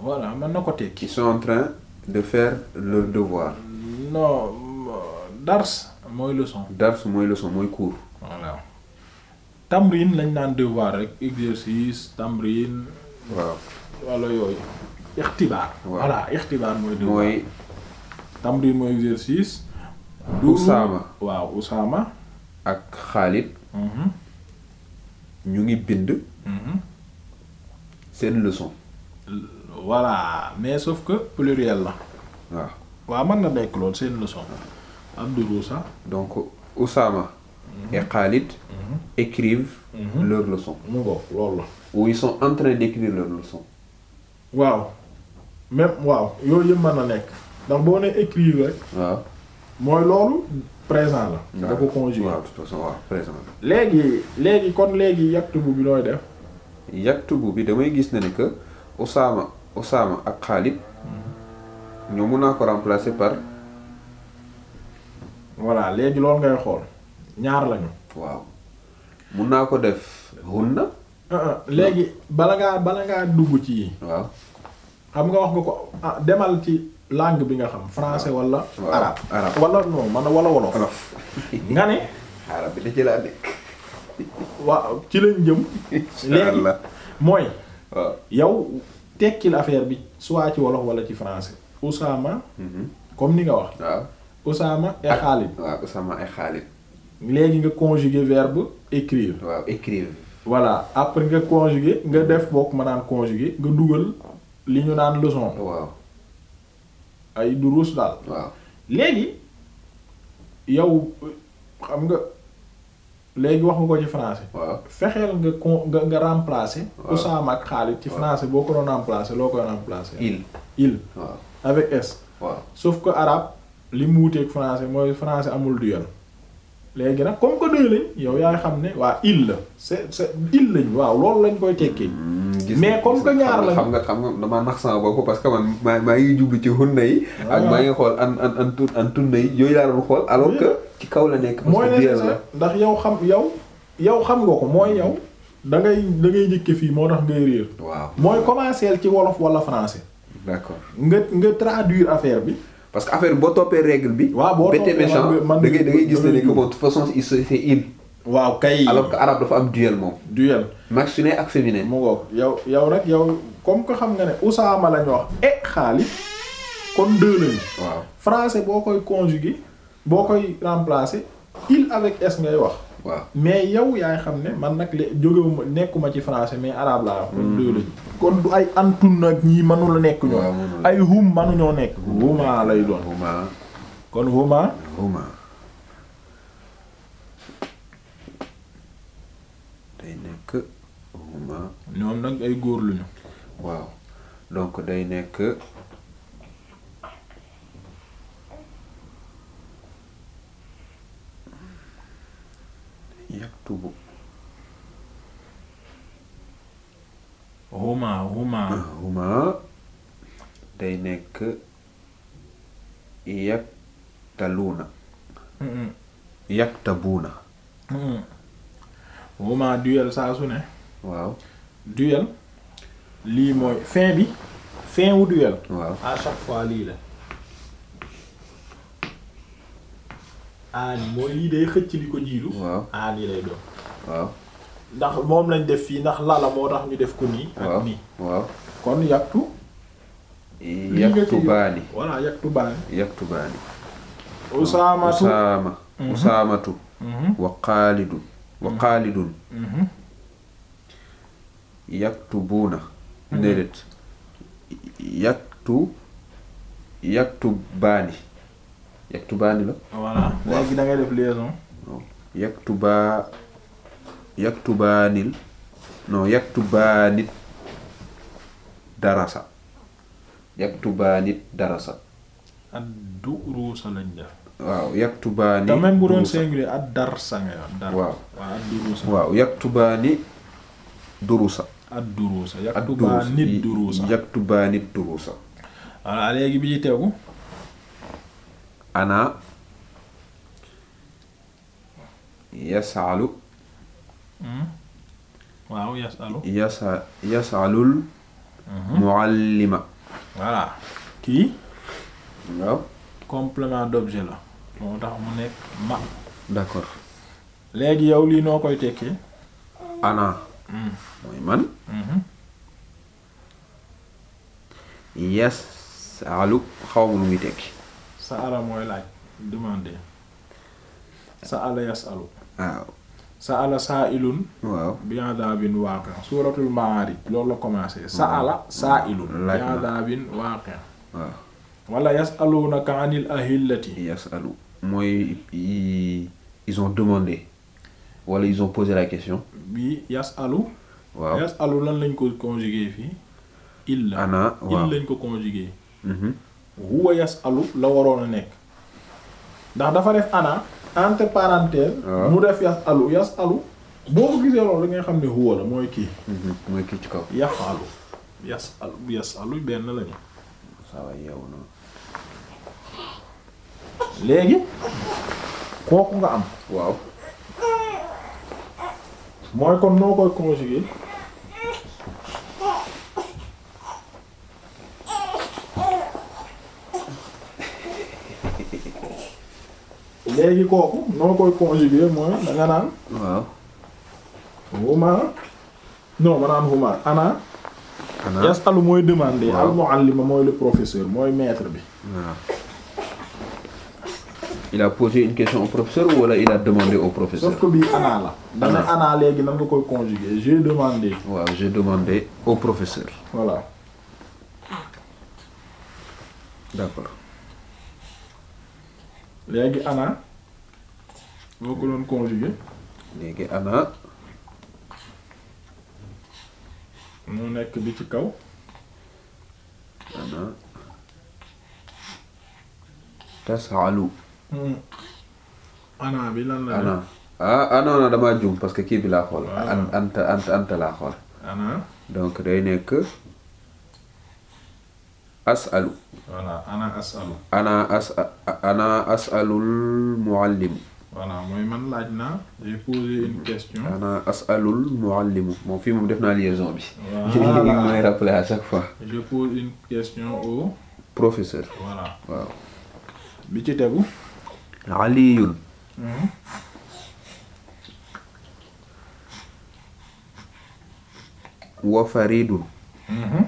voilà mën na ko tekki ils train de fair leur devoir non euh, dars mooy leçon. dars mooy leçon mooy cours. voilà tamrin lañ naan devoir rek exercice tamrin. waaw wala yooyu. ixtibaar. voilà ixtibaar mooy. devoir mooy. tamrin mooy exercice. Usaama waaw Usaama. ak Xaalid. Mhm. ñu ngi bind. Mhm. seen leçon. voilà mais sauf que pluriel la. waaw waaw mën na nekk lool seen leçon. Abdul Oussa. donc Oussama. Mhm. et Khalid. Mhm. écrivent. Mhm. leur leçon. mu ngoog loolu la. waaw yooyu yëpp mën na nekk ndax boo nee écrire rek. waaw mooy loolu présent la. da ko conjugué waaw tout à présent la. léegi léegi kon léegi yaktubu bi looy def. yaktubu bi damay gis na ne que Oussama Oussama ak Khalid. ñoo mun naa ko remplacer par. voilà léegi loolu ngay xool ñaar lañu. waaw mun naa ko def. mun na. Ah, ah, léegi bala ngaa bala ngaa dugg ci yi. waaw xam nga wax nga ko ah, demal ci langue bi nga xam français wala. arabe arabe wala non man wala wolof. wolof nga ne. arabe bi da laa nekk. waaw ci lañ jëm. léegi mooy. yow tekkil affaire bi soit ci wolof wala ci français. Oussama. Mhm. comme ni nga wax. Osama et ah. Khalid. waaw Osama et Khalid. léegi nga conjuguer verbe écrire. waaw écrire. voilà après nga conjuguer nga def bokk ma naan conjuguer nga dugal li ñu naan leçon. waaw ay duruus daal. waaw léegi yow xam nga léegi wax ko ci français. waaw fexeel nga con nga nga remplacer. Osama ak Khalid ci français boo ko doon remplacer loo koy remplacer. il il. waaw avec s. waaw sauf que arabe. li mu wuteeg français mooy français amul duel léegi nag comme que duel lañ yow yaay xam ne waa il la c'est c'est il lañ waaw loolu lañ koy tekkee. Hmm, mais comme que ñaar lañ xam nga xam nga damaa nax sama bopp parce que man maa maa ngi jublu ci hunna yi. Ah, ak maa ngi xool an an an tun an tunna yi yooyu laa xool alors que. ci kaw la nekk parce que duel la ndax yow xam yow. yow xam nga ko mooy yow. da ngay da ngay fii moo tax ngay réer. waaw mooy commencer ci wolof wala français. d'accord nga nga traduire affaire bi. parce que affaire boo toppee règle bi. waaw boo toppee méchant da ngay gis ne ni que bon de toute façon c'est il. waaw kay alors que arabe dafa am duel moom. duel masculin ak féminin. mu ngoog yow yow nag yow comme que xam nga ne Usaama la ñu wax e eh, Xaalid kon deux lañu. waaw français boo koy conjuguer boo koy remplacer il avec s ngay wax. waaw mais yow yaay xam ne man nag léegi jógewuma nekkuma ci français mais arabe laa wax. loolu mm-hmm. lañ kon du ay antun nag ñii mënula nekk ñoo ay hum mënuñoo nekk. huma lay doon kon huma. huma. day nekk huma. ñoom nag ay góor luñu. waaw donc day nekk. yaktubu huma huma huma day nekk yaktaluuna yaktabuuna huma duel saa su ne waaw duel lii mooy fin bi fin wu duel waaw à chaque fois lii la aan mooy lii day xëcc li ko jiitu. waaw waaw ndax moom lañ def fii ndax lala moo tax ñu def ko nii. ak nii waaw kon yaktu. yaktu baani voilà yaktu baani. yaktu baani. Mhm. Mhm. wa xaalidun wa mhm. xaalidun. yaktubuuna. déedéet yaktu baani. yaktubaani la. voilà léegi da ngay def liaison. yaktubaa yaktubaanil non yaktubaanit darasa yaktubaanit darasa. ad duruusa waaw yaktubaani. te même bu doon singulier ad darsa duruusa. waaw yaktubaani duruusa. ad duruusa yaktubaanit duruusa. yaktubaanit duruusa. voilà léegi bi ci tegu. anaa yasalu hmm. waaw yasalu yasa yasalul hmm. muallima voilà kii waaw complément d'objet la moo tax mu nekk ma d'accord léegi yow lii noo koy tekkee ana hmm. mooy man yasalu xaw ma lu muy tekki sa'ala mooy laaj demander sa'ala yas'alu waaw sa'ala waaw bi'adabin waqi' suuratul ma'aarij loolu la commencé sa'ala sa'ilun bi'adabin waqi' waaw wala yas'alunaka 'anil ahillati yas'alu mooy ils ont demandé wala ils ont posé la question bi yas'alu waaw yas'alu lan lañ ko conjugué fii illa ana lañ ko conjugué mm-hmm. huwa yasalu la waroon a nekk ndax dafa def ana entre ah. mu def yasalu yasalu boo ko gisee loolu li ngay xam ne huwa la mooy kii mhm, mooy kii ci kaw yafalu yasalu yasalu benn lañu léegi kooku nga am waaw mooy kon noo koy conjuguer léegi kooku noo koy conjuguer mooy da nga waaw. huma non ma huma ana. ana yasalu mooy demander. al muallima mooy le professeur mooy maître bi. il a posé une question au professeur wala il a demandé au professeur. sauf que bii ana la. dana ana léegi nan nga koy conjuguer j'ai demandé. waaw j'ai demandé au professeur. voilà. d'accord. léegi ana boo ko doon conjuguer léegi ana mu nekk bi ci kaw ana tasalu hmm. ana bi lan la ana ah ah jum parce que kii bi laa xool. ant ant ant laa xool. ana donc day nekk. asalu voilà ana asalu ana as asalul muallimu voilà moom fii moom def naa liaison bi mooy rappeler à chaque fois professeur waaw bi ci tegu aliyun hmm. wa faridun hmm.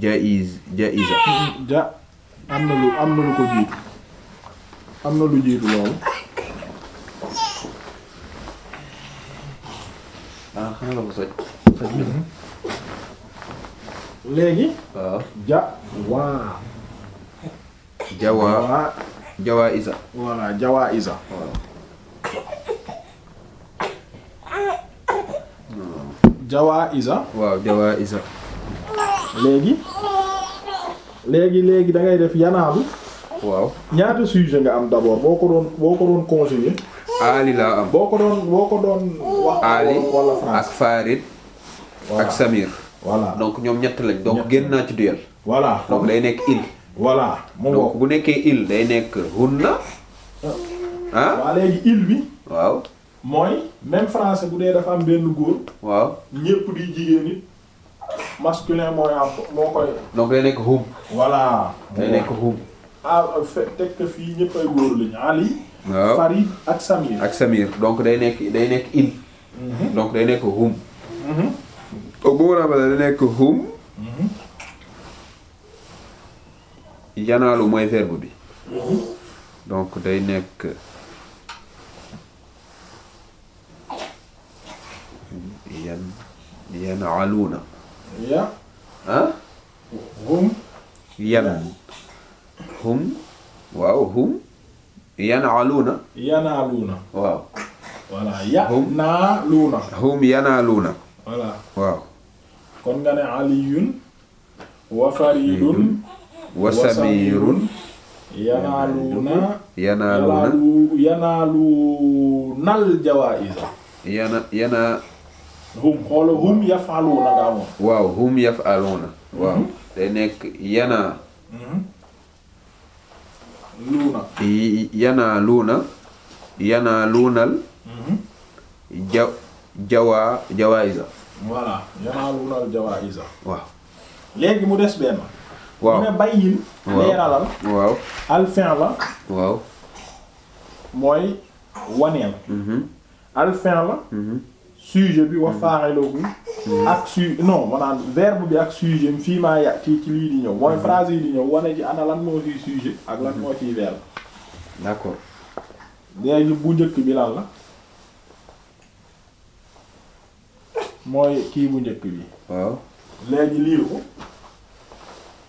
jaiz jaiza ja am na lu am na lu ko jiitu am na lu jiitu loolu ah xam nga ko soj soj ah. waaw jawaa isa voilà jawaa isa jawaa isa waaw jawaa isa léegi léegi léegi da ngay def yanaalu waaw ñaata sujet nga am d'abord boo ko doon boo ko doon conjuguer aali laa am boo ko doon boo ko doon wax aali wala ak Farid ak Samir donc ñoom ñett lañ donc génn naa ci duel voilà donc day nekk il voilà donc bu nekkee il day nekk hunna ah, ah. waa léegi il bi waaw mooy même français bu dee dafa am benn góor waaw ñépp di jigéen masculin mooy am moo koy. donc day nekk hum. voilà. day nekk hum. ah euh, fekk fii ñëpp ay góor lañu Ali. waaw Farid ak Samir. ak Samir donc day nekk in. Mhm. donc day nekk hum. Mhm. Oh, mhm. yanaalu mooy verbe bi. donc day nekk. yan yanaaluuna. ya ah hum yan hum waaw hum yanaaluuna yanaaluuna waaw voilà yanaaluuna hum yanaaluuna voilà waaw kon nga ne aliyun wa xaridun wa samirun yanaaluuna yanaaluuna yanaaluunal jawaa'iza yana yana hum xoola hum yafaluuna waaw hum yafaluuna waaw day mhm. nekk yanaa mhm. luuna yanaa luuna yanaa luunal mhm. ja jawaa jawaayisa waaw léegi mu des benn waaw mu ne bayyin leeralal waaw alfin la waaw mooy waneel alfin la sujet bi wa hmm. fa'iluhu hmm. ak su non maanaam verbe bi ak sujet fii maa yàqti ci lii di ñëw mooy hmm. phrase yi di ñëw wane ji ana lan moo ciy sujet ak lan moo ciy verbe d'accord léegi bu njëkk bi lan la mooy kii bu njëkk bi waaw léegi liir ko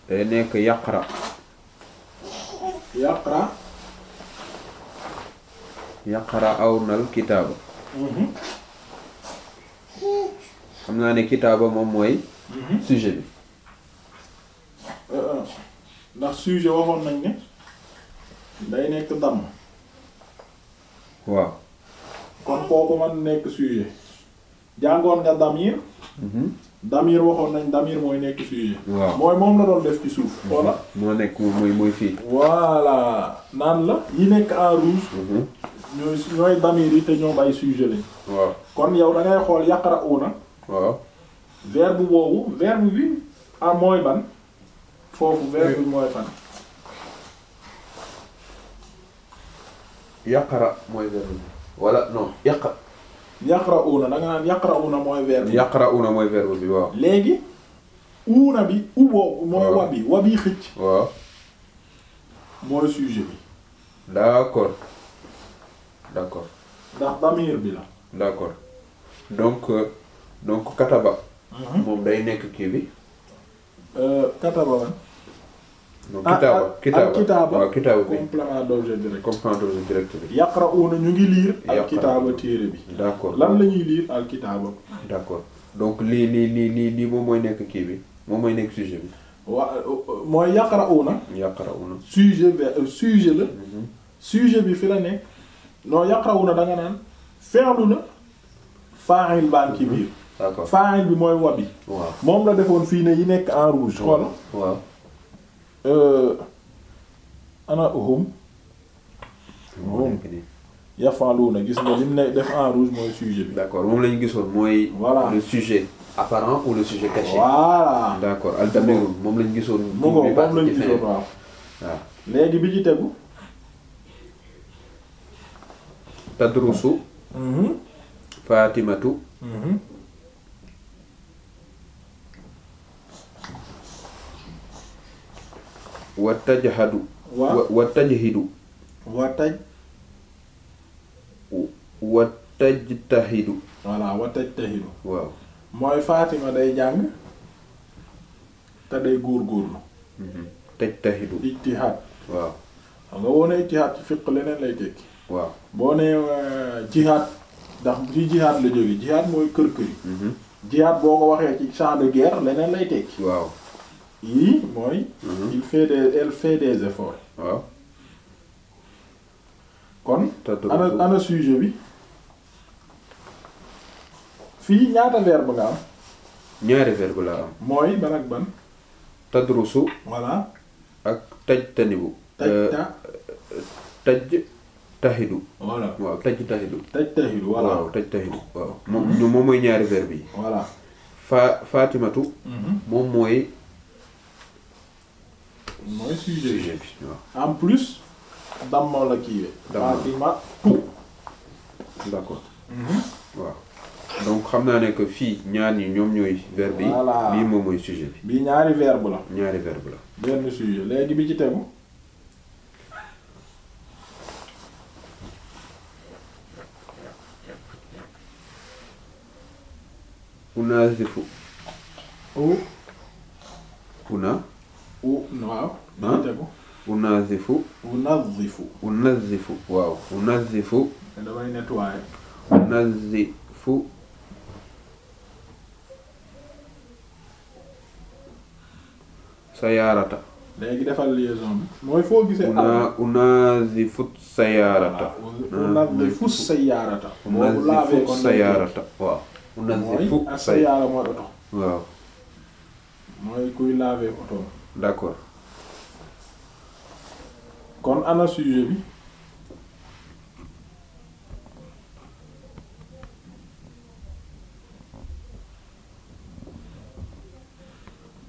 day nekk yaqra yaqra yaqra awnal kitaaba mhm. xam naa ne kitaaba moom mooy. Mhm. sujet bi. Euh, euh, ndax sujet waxoon nañ ne day nekk damm. waaw. kon kooku man nekk sujet jàngoon nga damir. Mhm. damir waxoon nañ damir mooy nekk sujet. waaw mooy moom la doon def ci suuf. Mhm. voilà moo nekk mooy fii. voilà naan la. yi nekk en rouge. ñooy ñooy damir yi te ñoom ay sujet lañ. waaw. kon yow da ngay xool yaqra'una waaw verbe boobu verbe bi ah mooy ban foofu verbe bi mooy fan yaqra mooy verbe bi wala non yaq yaqra'una da nga naan yaqra'una mooy verbe bi yaqra'una mooy verbe bi waaw léegi una bi u boobu mooy wabi wabi xëcc waaw mooy sujet bi d'accord d'accord ndax damir bi la donc euh, donc kataba. Mhm. moom day nekk kii bi. Euh, kataba la. non kitaaba ah, kitaaba ah, kitaaba ah, waaw kitaaba bi complément d'objet direct. ñu ngi liir. al kitaaba téere bi. d'accord lan la ñuy liir al kitaaba. d'accord donc lii lii lii lii lii moom mooy nekk kii bi moom mooy nekk sujet bi. waa mooy yaqra'una. yaqra'una sujet bi euh, sujet la. Mhm. sujet bi fi la nekk. non yaqra'una da nga naan feelu na. fa'il baa ngi ci mhm. biir. d'accord fa'il bi mooy wabi. waaw moom la defoon fii ne yi nekk en rouge. xool waaw. Euh, ana hum. hum yafaluna gis nga lim ne def en rouge mooy sujet bi. d'accord moom lañu gisoon mooy. voilà le sujet. apparent ou le sujet caché. voilà d'accord moom lañu gisoon. mu ngoog moom lañu gisoon waaw. léegi bi ci tegu. tadrusu. Mhm. fatimatu mm-hmm. wa tajhadu wa wa taj wa tajtahidu voilà wa tajtahidu waaw mooy Fatima day jàng te day góorgóorlu mm-hmm. tajtahidu ijtihaad waaw nga woo ne ci fiq leneen lay tekki waaw boo ne euh, jihaad ndax ci jihaad la jógee jihaad mooy kër kër yi. Mhm. jihaad boo ko waxee ci champ de guerre leneen lay tekki. waaw yii mooy. Mhm. il fait des elle fait des efforts. waaw. kon ana ana sujet bi fii ñaata verbe nga am. ñaari verbe laa am. mooy ban ban. tadrusu. voilà. ak taj tanibu. taj ta euh, euh, taj. taxidu. voilà waaw taj taxidu. taj taxidu waaw taj taxidu waaw. moom moom mooy ñaari verbe yi. voilà fa Fatimatu. Mhm. moom mooy. mooy sujet bi waaw. en plus. damma la kiiwee. damma Fatima tout. d'accord. Mhm. donc xam naa ne que fii ñaan yi ñoom ñooy. verbe yi bii moom mooy sujet bi. bii ñaari verbe la. ñaari verbe la. benn sujet ci tegu. unazifu u una u waaw unazifu unazifu unazifu waaw unazifu damay nettoyer unazifu sayaarata léegi defal liaison bi mooy foo gisee. una unazifu sayaarata. unazifu sayaarata. unazifu sayaarata waaw. mu naan fukk waaw. mooy kuy laver oto. d'accord. kon ana sujet bi.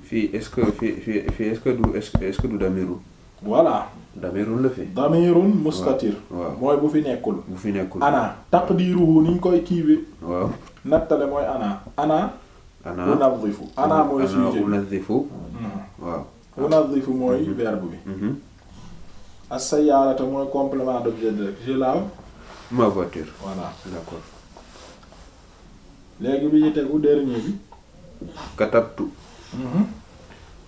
fii est-ce que fii du est du damiru. damirun la fi. damirun mustatir. waaw mooy bu fi nekkul. bu fi nekkul ana taqdiruhu ni ñu koy kii bi. waaw nattale mooy ana. ana. ana unazifu. ana mooy sujet ana unazifu. Hmm. waaw. unazifu mooy mhm. verbe bi. Mhm. as-sayyarata mooy complément d'objet direct je lave. ma voiture. voilà d'accord. léegi bi ñu tegu dernier bi. katabtu. Mhm.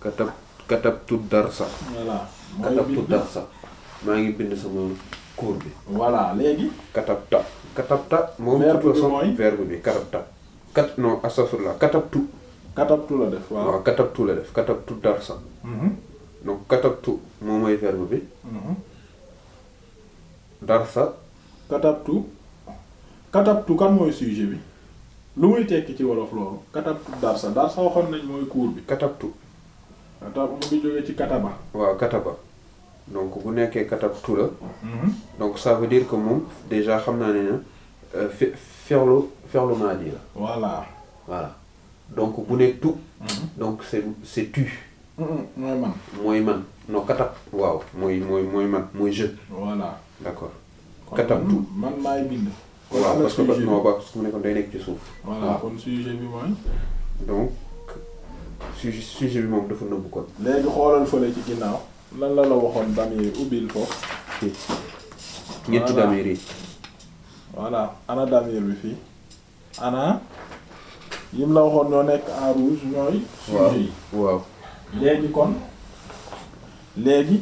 katab katabtu darsa. voilà. katapta sax maa ngi bind sama cours bi. voilà léegi. katapta katapta moom. verbe bi mooy verbe bi katapta. kat non astafurlah kataptu. kataptu def waaw waaw kataptu la def mhm. mooy verbe bi. Mhm. darsa. kataptu kataptu kan mooy sujet bi. lu muy tekki ci wolof loolu. kataptu darsa darsa waxoon nañ mooy cours bi. kataptu. ataba ci kataba. waaw kataba donc bu nekkee katab tura mm-hmm. donc ça veut dire que moom déjà xam naa ne na euh, fe ferlu ferlu maadi la. voilà. voilà donc bu nekk tu. Mm-hmm. donc c'est tu. Mm-hmm. mooy man mooy man non katab. waaw mooy mooy man mooy je. voilà d'accord. katab tu man maay bind. waaw parce que non mu nekkoon day nekk ci suuf. voilà ah. kon sujet sujet bi moom dafa nëbbu kon. léegi xoolal fële ci ginnaaw lan la la waxoon damir ubbil foofu. ñetti damir yi. voilà ana damir bi fii ana yim la waxoon ñoo nekk en rouge ñooy. sujet yi waaw léegi kon léegi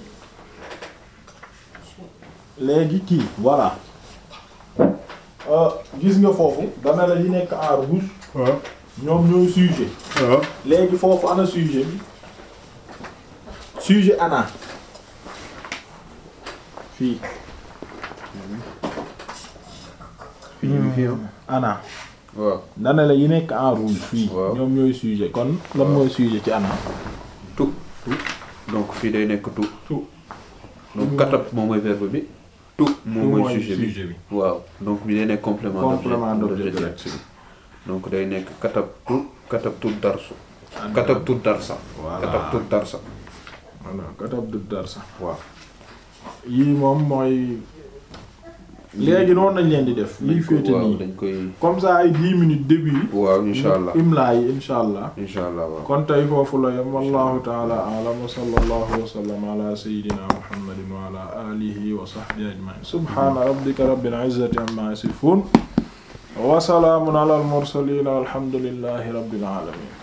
léegi kii voilà euh, gis nga foofu dana la li nekk en rouge. ñoom ñooy sujet waaw ah. léegi foofu ana sujet bi sujet ana fii fii hmm. ana waaw dana la yi nekk en rouge fii ñoom ñooy sujet kon lan mooy sujet ci ana tout tout donc fii day nekk tout tout donc katab moom mooy verbe bi tout moom mooy sujet bi waaw donc bi day nekk complément d'objet complément d'objet direct bi donc day nekk katabtu katabtu darsu. katabtu darsa. katabtu darsa. voilà katabtu darsa. waaw. yii moom mooy. léegi noonu lañ leen di def. liy féete nii dañ koy comme ça ay waaw incha allah imla yi allah. incha allah waaw kon tey foofu la yem wallahu taala alam wa sallallahu wa sallam ala sayyidina muhammadin wa ala alihi wa wa salaamun alal mursaliin alhamdulillahi rabbil aalamiin